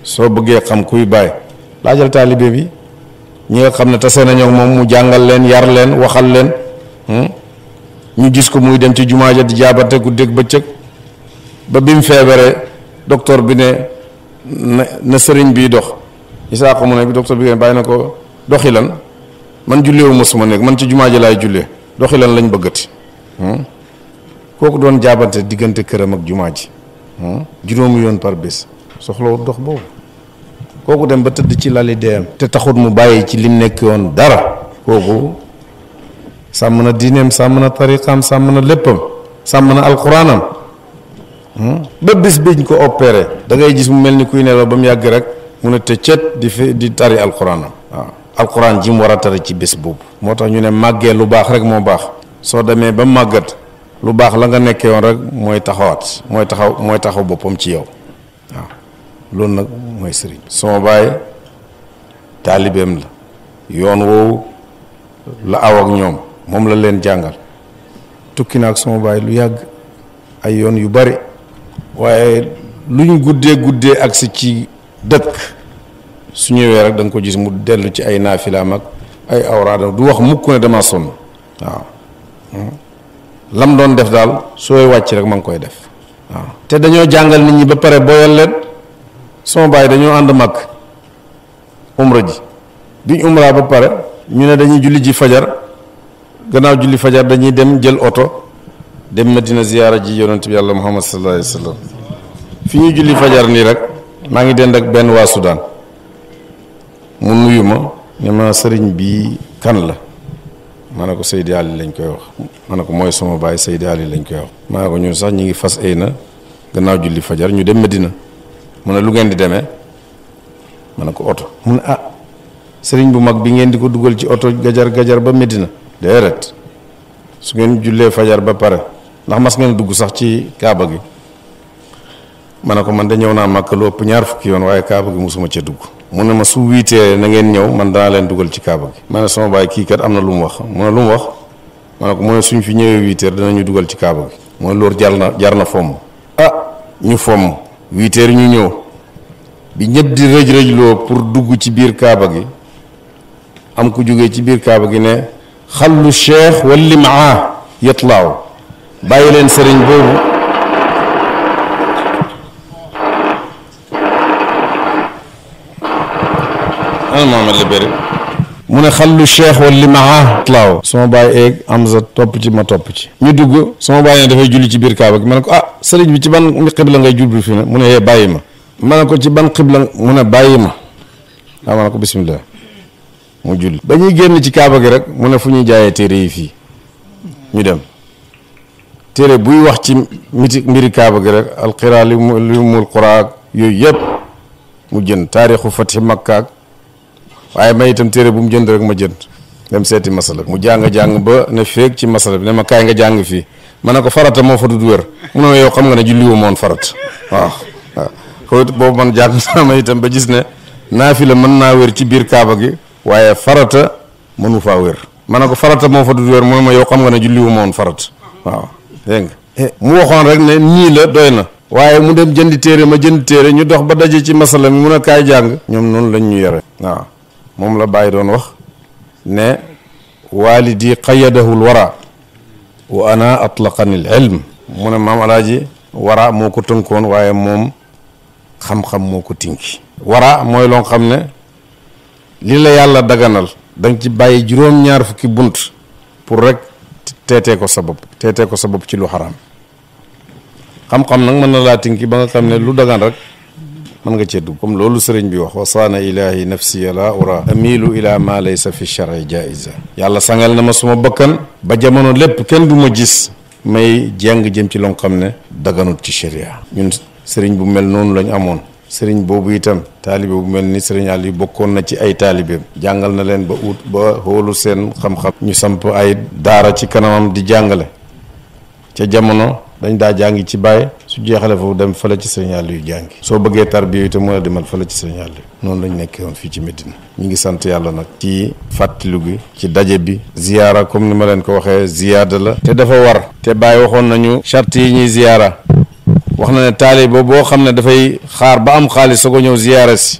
Speaker 1: soo bëggee xam kuy bàyyi laajal taalibe bi ñi nga xam ne tase nañoo moom mu jàngal leen yar leen waxal leen hmm? ñu gis ko muy dem ci jumaa ja di jaabante ku dégg bëccëg ba bi mu feebaree docteur bi ne na sëriñ bii dox Isaaka mu ne bi docteur bi ne na ko doxi lan man julleewu ma suma nekk man ci jumaa ja laay jullee doxi lan lañ bëggati hmm? kooku doon jaabante diggante këram ak jumaa ji hmm? juróomi yoon par bés soxlawul dox boobu kooku dem ba tëdd ci lali deem te taxut mu bàyyi ci lim nekk yoon dara kooku sàmm na diineem sàmm na tariqaam sàmm na léppam sàmm na alquraanam hmm? ba bis biñ ko opeere da ngay gis mu mel ni kuy nelaw ba mu yàgg rek mu ne tëccët di fi di tari alquraanam waaw alquran ji mu war a tari ci bis boobu moo tax ñu ne màggee lu baax rek moo baax soo demee ba màggat lu baax la nga nekkee woon rek mooy taxawaat mooy taxaw mooy taxaw boppam ci yow loolu nag mooy sëriñ bi baay taalibeem la yoon woowu la aw ak ñoom moom la leen jàngal tukki na ak sama baay lu yàgg ay yoon yu bari waaye lu ñu guddee guddee agsi ci dëkk su ñëwee rek da ko gis mu dellu ci ay naafilaam ak ay awraadam du wax mukk ne dama sonn waaw hmm? lam doon def daal sooy wàcc rek ma ngi koy def waaw te dañoo jàngal nit ñi ba pare boyal leen suma baay dañoo ànd mag umra ji biñ umra ba pare ñu ne dañuy julli ji fajar gannaaw julli fajar dañuy dem jël oto dem Madina ziyaara ji yonent bi yàlla Muhammad sallallahu alayhi fi ñuy julli fajar nii rek maa ngi dend ak benn waa Soudan mu nuyu ma ne ma sëriñ bi kan la ma ne ko Seydi Ali lañ koy wax ma ne ko mooy sama baay Seydi Ali lañ koy wax. maa ne ko ñun sax ñu ngi fas ay na gannaaw julli fajar ñu dem Madina. mu ne lu ngeen di demee ma ne ko oto mu ne ah sëriñ bu mag bi ngeen di ko dugal ci oto gajar gajar ba Medina ret su ngeen jullee fajar ba pare ndax mas ngeen dugg sax ci kaaba gi ma ne ko man de ñëw naa màkk lu ñaar fukki yoon waaye kaaba gi mosuma ca dugg mu ne ma su wiitee na ngeen man danaa leen dugal ci kaaba gi ma ne am na lu mu wax mu lu mu wax ma ne ko mu ne suñ fi ñëwee huit dana ñu dugal ci kaaba gi mu loolu jar na jar fomm ah ñu fomm huit ñu ñëw bi ñëpp di rëj-rëjloo pour dugg ci biir kaaba gi am ku jógee ci biir kaaba gi ne xallu cheikh walli maa yatlaaw bàyyi leen sëriñ boobu mu ne xallu cheikh wal li maa tlaaw sama bàyyi eeg am sa topp ci ma topp ci ñu dugg sama bàyyi ne dafay julli ci biir kaaba gi ma ne ko ah sëriñ bi ci ban xibla ngay jublu fii ne mu ne yee eh, bàyyi ma ma ne ko ci ban xibla mu ne bàyyi ma ah ma ne ko bismillah mu julli ba ñuy génn ci kaaba gi rek mu ne fu ñuy jaayee téere yi fii ñu dem téere buy wax ci miti mbiri kaaba gi rek alqiraa li mul quraak yooyu yëpp mu jën jënd taarixu fatihi makkaak waaye may itam téere bu mu jënd rek ma jënd dem seeti masala mu jàng-jàng ba ne feeg ci masala bi ne ma kaay nga jàng fii ma ne ko farata moo fa dud xam nga ne julli wu moon farata waaw waaw xawit boobu man jàng itam ba gis ne naafila mën naa wér ci biir kaaba gi waaye farata mënu faa wér ma ne ko farata moo fa dud wér ma yow xam ne julli wu moon farata waaw dégg nga eh. mu na waaye mu dem jëndi téere ma jënd téere ñu dox ba daje ci masala mi mun a kaay jàng ñoom noonu lañ ñu yore waa moom la bàyyi doon wax ne waalidi qayadahul wara wa ana atlaqani l ilm mu ne maam alaaji wara moo ko tënkoon waaye moom xam-xam moo ko tinki wara mooy loo xam ne lii la yàlla daganal danga ci bàyyi juróom-ñaar fukki bunt pour rek teetee ko sa bopp teetee ko sa bopp ci lu xaraam xam-xam nag mën na laa tinki ba nga ne lu dagan rek mën nga cee dugg comme loolu sëriñ bi wax wasaana ilahi nafsiya la ura amilu ila ma laysa fi shari jaiza yàlla sangal na ma suma bakkan ba jamono lépp kenn du ma gis may jàng jëm ci loo xam ne daganut ci sharia ñun sëriñ bu mel noonu lañ amoon sëriñ boobu itam taalibe bu mel ni sëriñaal Aliou bokkoon na ci ay taalibeem jàngal na leen ba ut ba xoolu seen xam-xam ñu samp ay daara ci kanamam di jàngale ca jamono dañ daa jàngi ci Baye su jeexale foofu dem fële ci sëriñ yu jàngi soo bëggee tarbiya itam mën a demal fële ci sëriñ Aliou noonu lañu nekkee woon fii ci Medina ñu ngi sant yàlla nag ci fàttilu gi ci daje bi ziyaara comme ni ma leen ko waxee ziyaada la te dafa war te bàyyi waxoon nañu charte yi ñuy ziyaara wax na ne taalibe boo xam ne dafay xaar ba am xaalis soo ko ñëw ziyaara si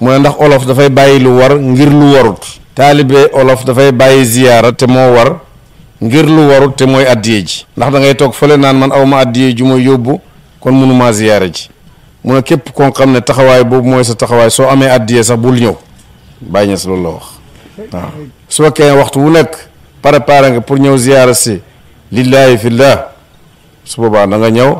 Speaker 1: mu ndax olof dafay bàyyi lu war ngir lu warut taalibe olof dafay bàyyi ziyaara te moo war ngir lu warut te mooy addiye ji ndax da ngay toog fële naan man aw ma addiye ju mooy yóbbu kon mënumaa ziyaare ji mu ne képp koo xam ne taxawaay boobu mooy sa taxawaay soo amee addiye sax bul ñëw bàyyi ñes loolu la wax waaw su fekkee waxtu wu nekk préparé nga pour ñëw ziyaara si fi la su boobaa da nga ñëw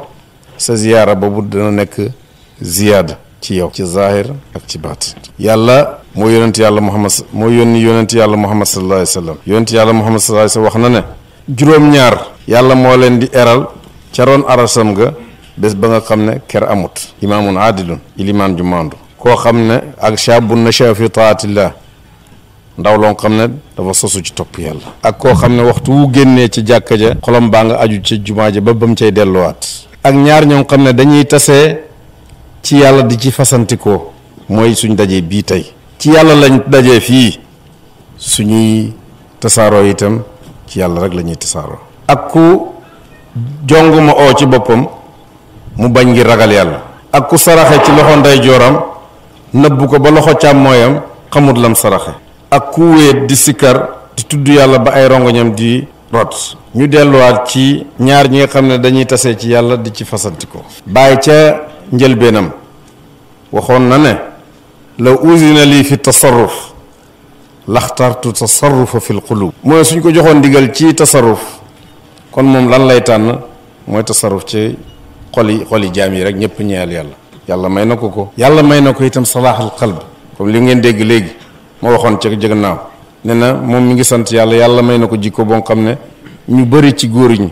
Speaker 1: sa ziyaara boobu dana nekk ziyaada ci yow ci zahir ak ci baat yàlla moo yonent yàlla muhammad moo yónni yonent yàlla muhammad sallallahu alayhi wa sallam wa sallam wax na ne juróom-ñaar yàlla moo leen di eral ca roon arasam ga bés ba nga xam ne ker amut imaamun aadilun ilimaan ju maandu koo xam ne ak shaabun nashaa fi taatillah ndaw loo xam ne dafa sosu ci topp yàlla ak koo xam ne waxtu wu génnee ci jàkk ja xolom baa nga aju ci jumaa ja ba ba mu cay delluwaat ak ñaar ñoo xam ne dañuy tasee ci yàlla di ci fasantikoo mooy suñ dajee bii tey ci yàlla lañ dajee fii suñuy tasaaroo itam ci yàlla rek lañuy ñuy tasaaroo ak ku jong ma oo ci boppam mu bañ ngir ragal yàlla ak ku saraxe ci loxo ndeyjooram nëbbu ko ba loxo càmmooyam xamut lam saraxe ak ku wéet di sikkar di tudd yàlla ba ay rongoñam di rot ñu delluwaat ci ñaar ñi nga xam ne dañuy tasee ci yàlla di ci fasantikoo bàyyi ca njëlbeenam waxoon na ne law usina lii fi tasarruf laxtartu tasarrufa fi lqulub mooy suñ ko joxoon digal ci tasarruf kon moom lan lay tànn mooy tasarruf ci xol yi xol yi jaam yi rek ñëpp ñeyal yàlla yàlla may na ko ko yàlla may na ko itam salaaxal qalb comme li ngeen dégg léegi ma waxoon ca jëg naaw ne na moom mu ngi sant yàlla yàlla may na ko jikko boo xam ne ñu bëri ci góor ñi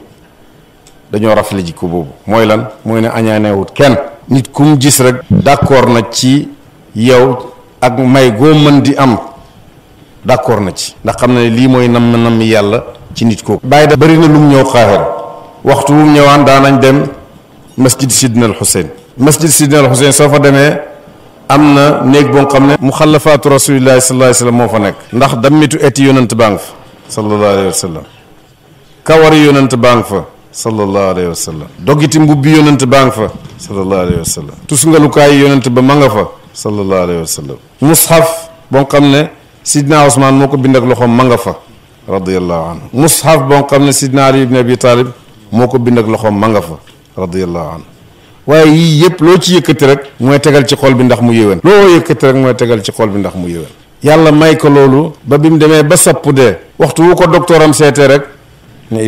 Speaker 1: dañoo rafle jikko boobu mooy lan mooy na añaanewut kenn nit ku mu gis rek d'accord na ci yow ak may goo mën di am d'accord na ci ndax xam na ne lii mooy nam nam yàlla ci nit kooku bàyyi da bëri na lu mu ñëw xaaxal waxtu wu mu ñëwaan daanañ dem masjid sidna al xuseyn masjid sidna al xuseyn soo fa demee am na néeg boo xam ne mu xalafaatu rasulillahi sallallahu alayhi wa sallam moo fa nekk ndax dammitu eti yonant baa nga fa sallallahu alayhi kawari yonant baa fa sallallahu alayhi wa sallam doggiti mbubbi yonent baa nga fa sallallahu alayhi wa sallam tusngalukaay yonent ba ma nga fa sallallahu alayhi wa sallam mushaf boo xam ne sidna Ousmane moo ko bind loxoom ma nga fa radiallahu anhu mushaf boo xam ne sidna Ali ibn Abi Talib moo ko bind ak loxoom ma nga fa radiallahu anhu waaye yii yëpp loo ci yëkkati rek mooy tegal ci xol bi ndax mu yéwén loo yëkkati rek mooy tegal ci xol bi ndax mu yéwén yàlla may ko loolu ba bi mu demee ba sapp de waxtu wu ko docteur am seetee rek ne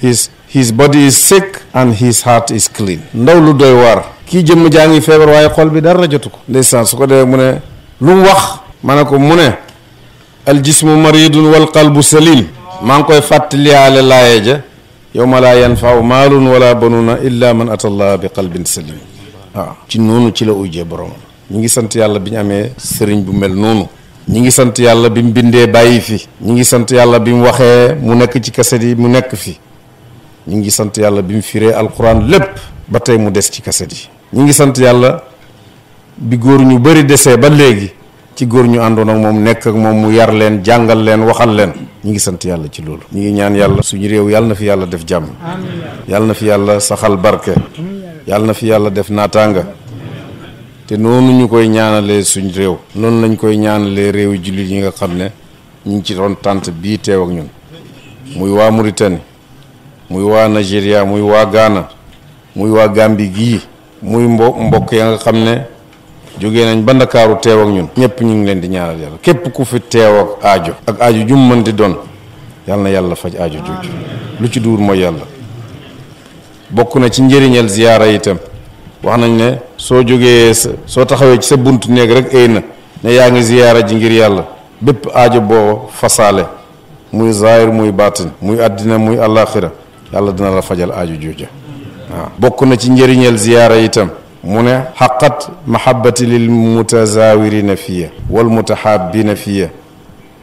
Speaker 1: his his body is sick and his heart is clean ndaw lu doy waar kii jëmm jaa ngi feebar waaye xol bi dara jotu ko ndeysaan su ko defee mu ne lu mu wax ma ne ko mu ne al jismu maridun wal qalbu salim maa ngi koy fàttaliyaale laaye ja yow ma laa yanfaaw maalun wala banuuna illaa man atallah bi qalbin salim waaw ci noonu ci la ujjee boromam ñi ngi sant yàlla bi ñu amee sëriñ bu mel noonu ñu ngi sant yàlla bi mu bindee bàyyi fi ñi ngi sant yàlla bi mu waxee mu nekk ci kaset yi mu nekk fi ñu ngi sant yàlla bi mu firee alxuraan lépp ba tey mu des ci kaset yi ñu ngi sant yàlla bi góor ñu bëri desee ba léegi ci góor ñu àndoon ak moom nekk ak moom mu yar leen jàngal leen waxal leen ñu ngi sant yàlla ci loolu ñu ngi ñaan yàlla suñu réew yàlla na fi yàlla def jàmm yàlla na fi yàlla saxal barke yàlla na fi yàlla def naataanga te noonu ñu koy ñaanalee suñ réew noonu lañ koy ñaanalee réew jullit yi nga xam ne ñu ngi ci doon tànt bii teew ak ñun muy muy waa Nigeria muy waa gaana muy waa Gambie gii muy mbo mbokk ya nga xam ne jóge nañ ba Ndakaaru teew ak ñun ñëpp ñu ngi leen di ñaanal yàlla képp ku fi teew ak aajo ak aajo ju mën di doon yàlla na yàlla faj aajo jooju lu ci duur mooy yàlla bokk na ci njëriñal ziyaara itam wax nañ ne soo jógee sa soo taxawee ci sa buntu néeg rek ay na ne yaa ngi ziyaara ji ngir yàlla bépp aajo boo fasaale muy zaahir muy baatin muy àddina muy àllaaxira yàlla dina la fajal aaju jooja waaw bokk na ci njëriñal ziyaara itam mu ne xaqat mahabati lil mutazawirina fiya wal mutahabina fiya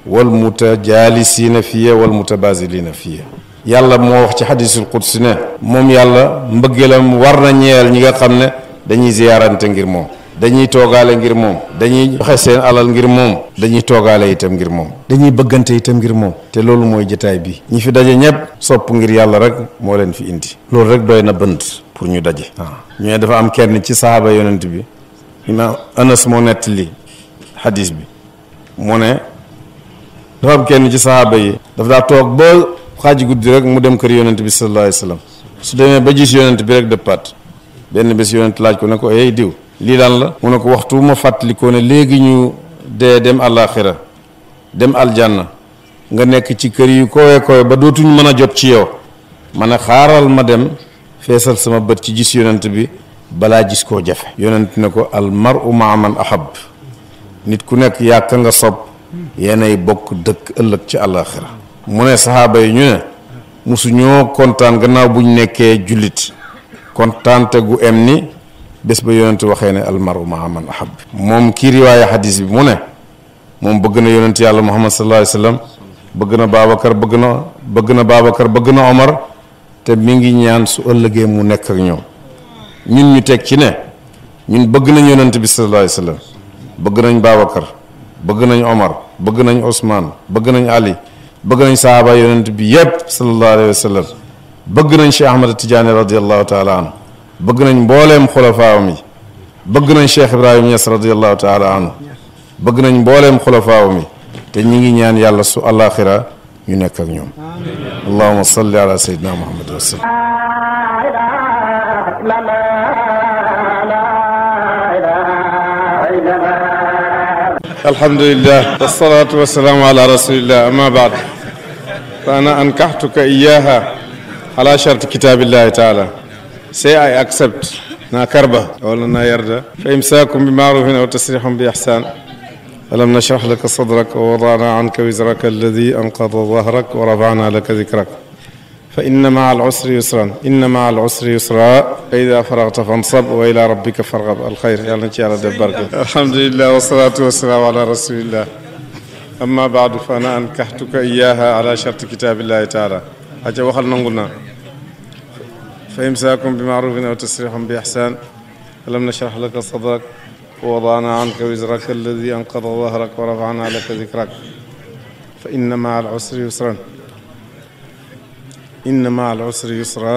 Speaker 1: wal mutajalisina fiya wal mutabasilina fiya yàlla moo wax ci xadisul qudsi ne moom yàlla mbëggeelam war na ñeel ñi nga xam ne dañuy ziyaarante ngir moom dañuy toogaale ngir moom dañuy joxe seen alal ngir moom dañuy toogaale itam ngir moom dañuy bëggante itam ngir moom te loolu mooy jataay bi ñu fi daje ñëpp sopp ngir yàlla rek moo leen fi indi loolu rek doy na bënd pour ñu daje waaw ah. ne dafa am kenn ci sahaaba yonent bi imaam Anas nett li hadis bi mu ne dafa am kenn ci sahaaba yi daf daa toog ba xaaji guddi rek mu dem kër yonent bi sallallahu alayhi wasallam su demee ba gis yonent bi rek dëppaat benn bis yonent laaj ko ne ko hey diw lii lan la mu ne ko waxtu ma fàttalikoo ne léegi ñu dee dem àllaaxira dem aljanna nga nekk ci kër yi koowee koowee ba dootuñu mën a jot ci yow ma ne xaaral ma dem feesal sama bët ci gis yonent bi balaa gis koo jafe yonent ne ko al maru maa ahab nit ku nekk yàkk nga sob yenn ay bokk dëkk ëllëg ci àllaaxira mu ne saxaaba yi ñu ne mosuñoo kontaan gannaaw buñ nekkee jullit kontaante gu em ni bés ba yonent waxee ne almaru maa man ahab moom kii riwaaya xadis bi mu ne moom bëgg na yonent yàlla muhammad sallallahu alayhi wasallam bëgg na Babacar bëgg na bëgg na Babacar bëgg na Omar te mi ngi ñaan su ëllëgee mu nekk ak ñoom ñun ñu teg ci ne ñun bëgg nañ yonent bi sallallahu alayhi bëgg nañ Babacar bëgg nañ Omar bëgg nañ Ousmane bëgg nañ Ali bëgg nañ sahaaba yonent bi yépp sallallahu alayhi bëgg nañ Cheikh Ahmad Tidiane radiyallahu taala anhu bëgg nañ mbooleem xulafaawam yi bëgg nañ Cheikh Ibrahima Niass radiallahu taala anhu bëgg nañ mbooleem xulafaawam yi te ñi ngi ñaan yàlla su alaxira ñu nekk ak ñoom allahuma salli ala sayyidina muhammad wa sallam alhamdulillah walsalatu walsalaamu ala rasulillah amma baad fa ana ankaxtuka iyaha ala charte kitabillahi taala say I accept na karba wala na yarda fa imsaakum bi maarufin aw tasrixum bi ixsaan alam nashrah laka sadrak wa wadana anka wisrak alladi anqada dahrak wa rafana laka dikrak fa inna maa al usri yusran inna maa al usri yusra fa ida faragta fansab wa ila rabbika fargab alxayr yàlla na ci yàlla def barke alhamdulilah wasalaatu wasalaamu ala rasulillah amma baadu fa ana ankahtuka iyaha ala sharti kitaabillahi taala aca waxal nangul naa fa imsaakum bi maarufin aw tasrixum bi ixsaan alam nashrah laka sadrak wa wadaana anka wisrak alladi anqada dahrak wa rafana laka dikrak fa inna maa al usri yusran inna maa al usri yusra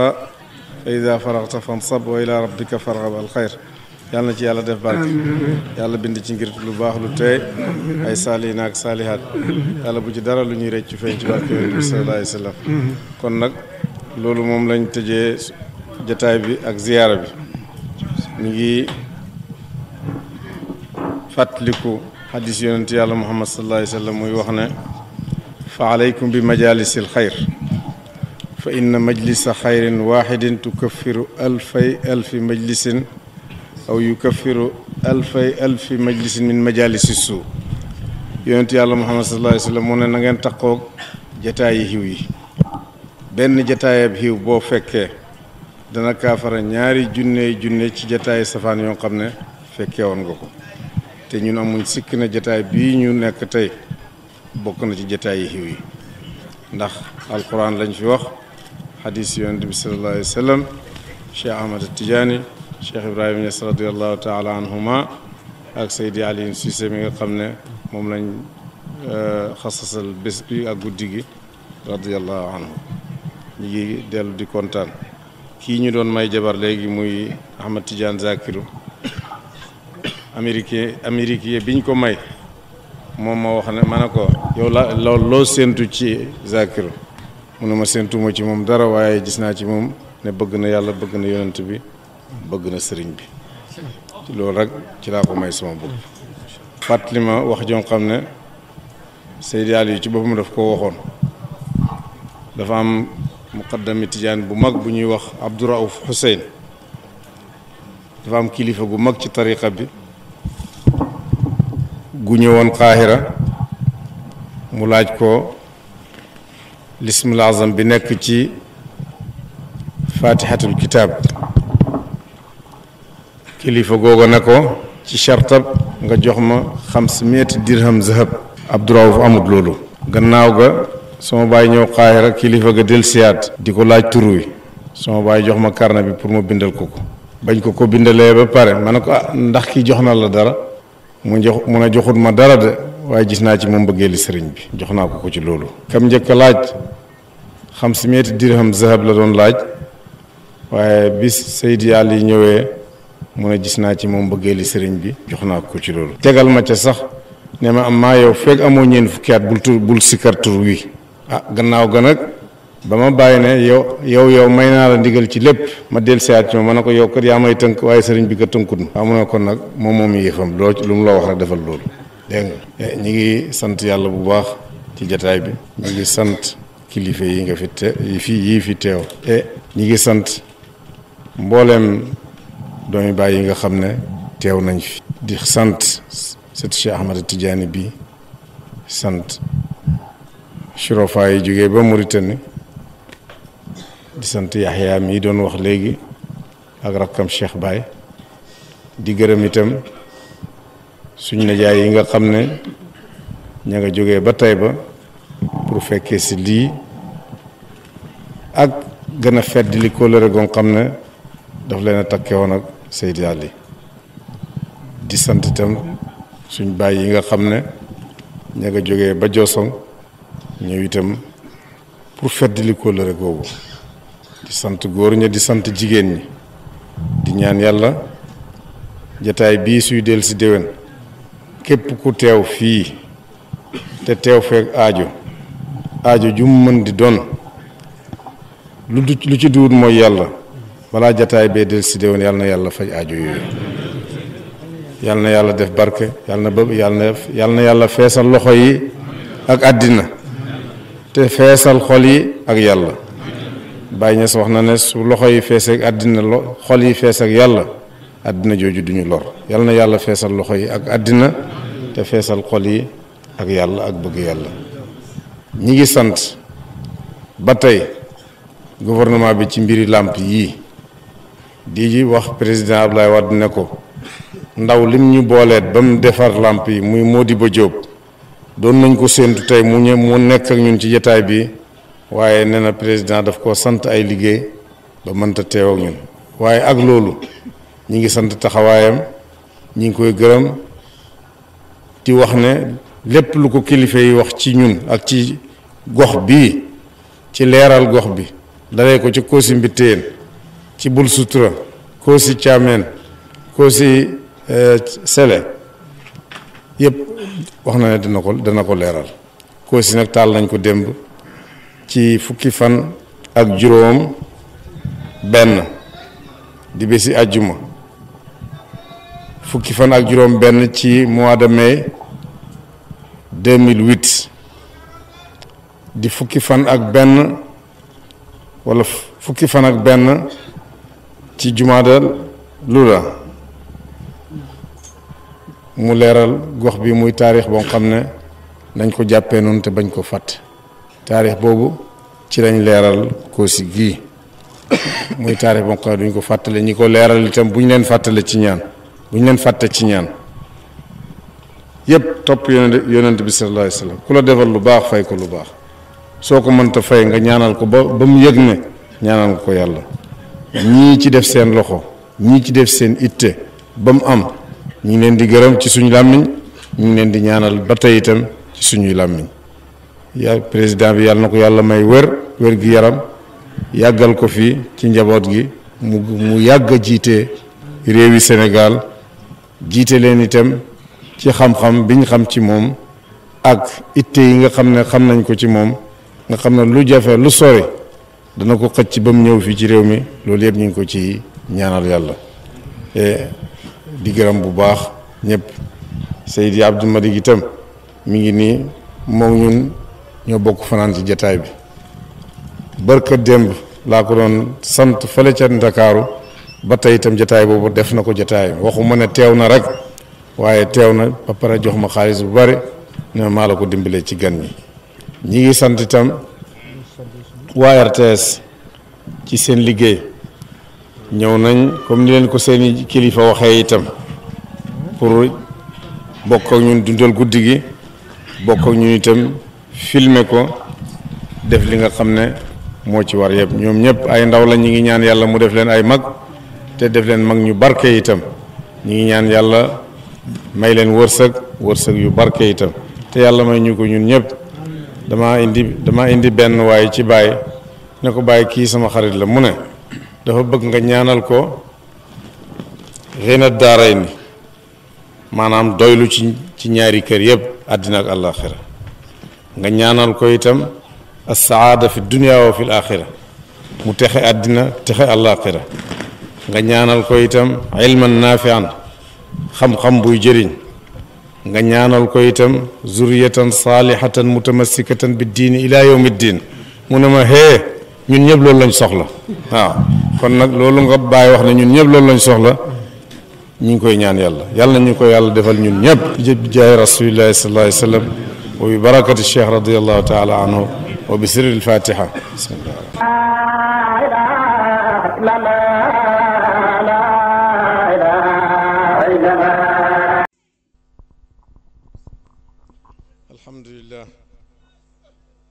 Speaker 1: fa ida faragta fansab wa ila rabbika fargab al xayr yàlla na ci yàlla def barke yàlla bind ci ngir lu baax lu tey ay saalihiin ak saalihaat yàlla bu ci dara lu ñuy rëcc feeñ ci barke yonent bi sallallahu alayhi wa sallam kon nag loolu moom lañ tëjee jataay bi ak ziyaara bi ñu ngi fàttaliku xadis yonent yàlla muhammad sallallahu alayhi muy wax ne fa aleykum bi majalisil xayr fa inna majlisa xayrin waxidin tukaffiru alfay alfi majlisin aw yukaffiru alfay alfi majlisin min majalisi suu yonent yàlla muhammad sallallahu alayhi mu ne na ngeen jataay yi yi benn jataayab xiw boo fekkee dana kaafara ñaari junne junne ci jataay safaan yoo xam ne fekkee woon nga ko te ñun amuñ sikkina jataay bii ñu nekk tey bokk na ci jataay yi xiw yi ndax alquran lañ fi wax xadis yonent bi sallallahu alayhi wa sallam cheikh ahmad tijaani cheikh ibrahima ñas radiallahu taala anhuma ak seydi aliin Cissé mi nga xam ne moom lañ euh, xasasal bés bi ak guddi gi radiallahu anhu ñu dellu di kontaan kii ñu doon may jabar léegi muy Ahmad Tidiane Zakirou américain américain biñ ko may moom ma wax ne ma ne ko yow la loo séentu ci Zakirou mu ne ma séentuma ci moom dara waaye gis naa ci moom ne bëgg na yàlla bëgg na yonent bi bëgg na sëriñ bi ci loolu rek ci laa ko may sama bopp fàttali ma wax joo xam ne Seydi Aliou ci boppam daf ko waxoon dafa am muqaddami tijaan bu mag bu ñuy wax abdouraouf xuseyn dafa am kilifa gu mag ci tariqa bi gu ñëwoon qaahira mu laaj ko lismul bi nekk ci fatihatul kitaab kilifa googu ne ko ci chartab nga jox ma xams miati dirham zahab abdouraouf amut loolu gannaaw ga sama baay ñëw rek kilifa ga delsiyaat di ko laaj tur wi sama baay jox ma carnet bi pour ma bindal ko ko bañ ko ko bindalee ba pare ma ne ko ah ndax ki jox na la dara mu jox mu ne joxut ma dara de waaye gis naa ci moom bëggeeli sëriñ bi jox naa ko ko ci loolu kam njëkk laaj xam si meeti dirham zahab la doon laaj waaye bis Seydi Ali yi ñëwee mu ne gis naa ci moom bëggeeli sëriñ bi jox naa ko ci loolu tegal ma ca sax ne ma am maa yow fekk amoo ñeen fukki at bul tur bul sikkar tur wi ah gannaaw ga nag ba ma bàyyi ne yow yow yow may naa la ndigal ci lépp ma del siyaat ci ma ne ko yow kat yaa may tënk waaye sëriñ bi kat tënkut ma waaw mu ne nag moom moom yéefam loo lu mu la wax rek defal loolu dégg nga eh, ñi ngi sant yàlla bu baax ci jataay bi ñi ngi sant kilifa yi nga fi te yi fi yii fi teew e eh, ñu ngi sant mbooleem doomi baay yi nga xam ne teew nañ fi di sant sët Cheikh Ahmad Tidiane bi sant surofaa yi jóge ba Mauritanie di sant Yaxya mi doon wax léegi ak rakkam Cheikh Baye di gërëm itam suñ najaay yi nga xam ne ña nga jóge ba tey ba pour fekkee si lii ak gën a fedd li kóllëre goon xam ne daf leen a takke woon ak Seydi Ali di sant itam suñ baay yi nga xam ne ña nga jóge ba Jooson ñëw itam pour feddali kóllëre googu di sant góor ña di sant jigéen ñi di ñaan yàlla jataay bii suy dell si déwén képp ku teew fii te teew feeg aajo aajo ju mu di doon lu du lu ci duut mooy yàlla balaa jataay bee dell si déwén yàlla na yàlla faj aajo yooyu yàlla na yàlla def bark yàlla na bëgg yàlla na yàlla feesal loxo yi ak àddina te feesal xol yi ak yàlla Baay Ñas wax na ne su loxo yi fees àddina lo xol yi fees ak yàlla àddina jooju duñu lor yàlla na yàlla feesal loxo yi ak àddina te feesal xol yi ak yàlla ak bëgg yàlla ñi ngi sant ba tey gouvernement bi ci mbiri làmp yi di ji wax président lay Wade ne ko ndaw lim ñu booleet ba mu defar làmp yi muy moo Modibo Diop doon nañ ko séentu tey mu ñë mu nekk ak ñun ci jataay bi waaye nee na président daf ko sant ay liggéey ba mënta teew ak ñun waaye ak loolu ñi ngi sant taxawaayam ñi ngi koy gërëm di wax ne lépp lu ko kilifa yi wax ci ñun ak ci gox bii ci leeral gox bi dalee ko ci Kossy Mbittéen ci Bul Sutura Kossy Thiamène Kossy euh, Sele yëpp wax na ne dina ko dana ko leeral Kossy nag taal nañ ko démb ci fukki fan ak juróom benn di bési àjjuma fukki fan ak juróom benn ci mois de mai 2008 di fukki fan ak benn wala fukki fan ak benn ci jumaada Lula mu leeral gox bi muy taarix boo xam ne nañ ko jàppee noonu te bañ koo fàtte taarix boobu ci lañ leeral Kossy gii muy taarix boo xam ne duñ ko fàttale ñi ko leeral itam bu ñu leen fàttale ci ñaan ñu leen fàtte ci ñaan yépp topp yonent yonent bi sallallahu alayhi wasallam ku la defal lu baax fay ko lu baax soo ko mënta fay nga ñaanal ko ba ba mu yëg ne ñaanal nga ko yàlla ñii ci def seen loxo ñii ci def seen itte ba mu am ñu ngi leen di gërëm ci suñu làmmiñ ñu ngi leen di ñaanal ba tey itam ci suñuy làmmiñ ya président bi yàlla na ko yàlla may wér wér gi yaram yàggal ko fii ci njaboot gi mu mu yàgg a jiite yi Sénégal jiite leen itam ci xam-xam biñ xam ci moom ak itte yi nga xam ne xam nañ ko ci moom nga xam ne lu jafe lu sori dana ko xëcc ba mu ñëw fii ci réew mi loolu yëpp ñu ngi ko ci ñaanal yàlla eh, di gërëm bu baax ñëpp Seydi Abdou Malick itam mi ngi nii moom ñun ñoo bokk fanaan ci jataay bi barka démb laa ko doon sant fële Ndakaaru ba tey itam jataay boobu def na ko jataay waxu ma ne teew na rek waaye teew na ba pare jox ma xaalis bu bari ne maa la ko dimbalee ci gan ñi ñi ngi sant itam waa RTS ci seen liggéey ñëw nañ comme ni leen ko seeni kilifa waxee itam pour bokk ak ñun dundal guddi gi bokk ak ñun itam filmer ko def li nga xam ne moo ci war yëpp ñoom ñëpp ay ndaw la ñu ngi ñaan yàlla mu def leen ay mag te def leen mag ñu barke itam ñu ngi ñaan yàlla may leen wërsëg wërsëg yu barke itam te yàlla may ñu ko ñun ñëpp dama indi damaa indi benn waaye ci bàyyi ne ko bàyyi kii sama xarit la mu ne dafa bëgg nga ñaanal ko xëyna daaray ni maanaam doylu ci ci ñaari kër yëpp àddina ak àllaaxira nga ñaanal ko itam assaada fi dunia wa fi laaxira mu texe àddina texe àllaaxira nga ñaanal ko itam ilman naafian xam-xam buy jëriñ nga ñaanal ko itam zuriyatan saalihatan mutamassikatan bi diini ilaa yawmi diin mu ne ma hee ñun ñëpp loolu lañ soxla waaw kon nag loolu nga bàyyi wax ne ñun ñëpp loolu lañu soxla ñu ngi koy ñaan yàlla yàlla na ñu ko yàlla defal ñun ñëpp jëb jaay rasulillahi sallallahu alayhi wa sallam wa bi barakati cheikh radiallahu taala anhu wa bi sirri alfatiha bismillah alhamdulillah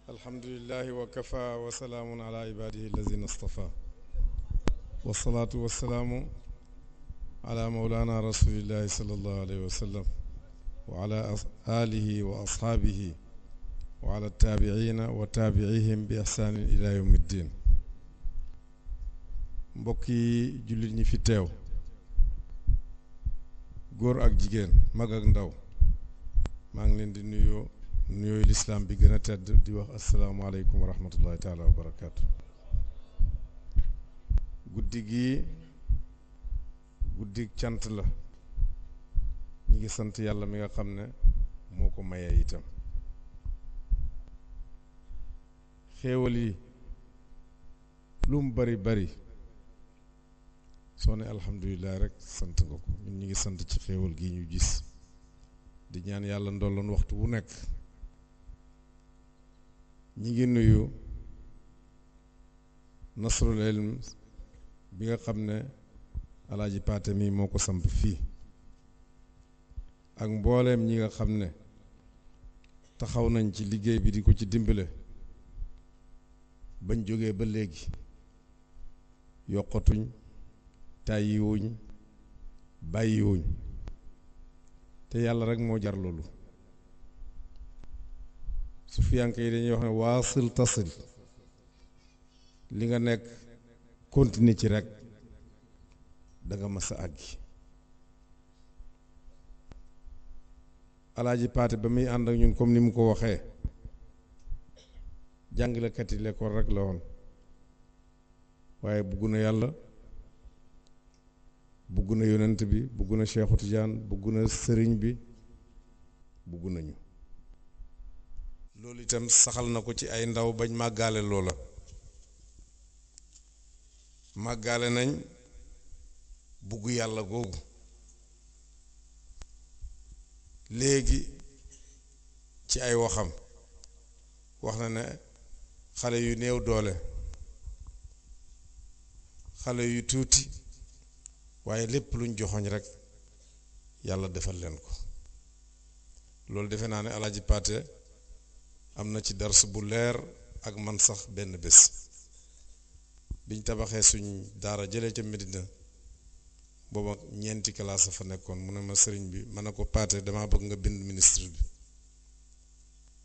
Speaker 1: alhamdulilahi wa kafa wa salaamun ala ibadihi allazina astafa wasalaatu wasalaamu ala maulana rasulillahi salallahu alayhi wa sallam wa ala alihi wa ashaabihi wa ala taabiciina wa taabicihim bi ixsaanin ila yawmi ddin mbokk yi jullit ñi fi teew góor ak jigéen mag ak ndaw maa ngi leen di nuyu nuyooyu lislaam bi gën tedd di wax asalaamaaleykum wa rahmatullahi taala wa barakaatu guddi gi guddi cant la ñi ngi sant yàlla mi nga xam ne moo ko mayee itam xéewal yi lu mu bari bari soo ne alhamdulilah rek sant nga ko ñun ngi sant ci xéewal gi ñu gis di ñaan yàlla ndolloon waxtu wu nekk ñi ngi nuyu nasrul ilm bi nga xam ne alaaji paate mii moo ko samp fii ak mbooleem ñi nga xam ne taxaw nañ ci liggéey bi di ko ci dimbale bañ jógee ba léegi yokkatuñ tàyyiwuñ bàyyiwuñ te yàlla rek moo jar loolu sufiyanke yi dañuy wax ne waasil tasil li nga nekk continue ci rek danga nga mës a àggi alaaji paate ba muy ànd ak ñun comme ni mu ko waxee jàngalekat yi l'école rek la woon waaye bugg na yàlla bugg na yonent bi bugg na Seexu Tijaan bugg na sëriñ bi bugg nañu loolu itam saxal na ko ci ay ndaw bañ màggaale loola màggaale nañ bugg yàlla googu léegi ci ay waxam wax na ne xale yu néew doole xale yu tuuti waaye lépp luñ joxoñ rekk yàlla defal leen ko loolu defe naa ne alaaji Paate am na ci dars bu leer ak man sax benn bés biñ tabaxee suñ daara jëlee ca Medina booba ñeenti classe fa nekkoon mu ne ma sëriñ bi ma ne ko paate damaa bëgg nga bind ministre bi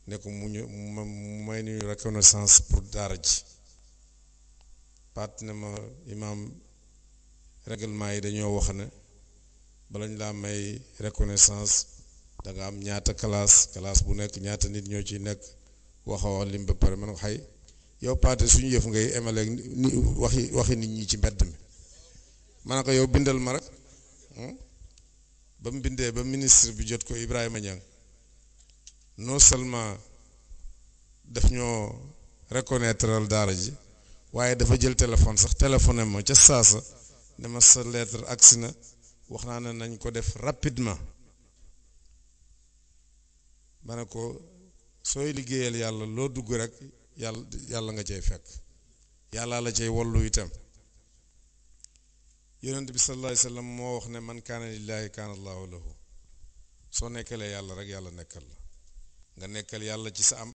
Speaker 1: ne ko mu ñu mu may nuyu reconnaissance pour daara ji paat ne ma imaam règlement yi dañoo wax ne balañ laa may reconnaissance da nga am ñaata classe classe bu nekk ñaata nit ñoo ci nekk waxoo wax lim ba pare man xay yow paate suñu yëf ngay emale ni waxi waxi nit ñi ci mbedd mi ma ne ko yow bindal ma rek hmm? ba mu bindee ba ministre bi jot ko Ibrahima Niang non seulement daf ñoo reconnaître daara ji waaye dafa jël téléphone sax téléphoné ma ca saasa ne ma sa lettre agsi na wax naa ne nañ ko def rapidement ma ko sooy liggéeyal yàlla loo dugg rek yàlla yàlla nga cay fekk yàlla la cay wollu itam yonent bi sa alayhi wasallam moo wax ne man kaana lillaahi kaana allaahu lahu soo nekkalee yàlla rek yàlla nekkal la nga nekkal yàlla ci sa am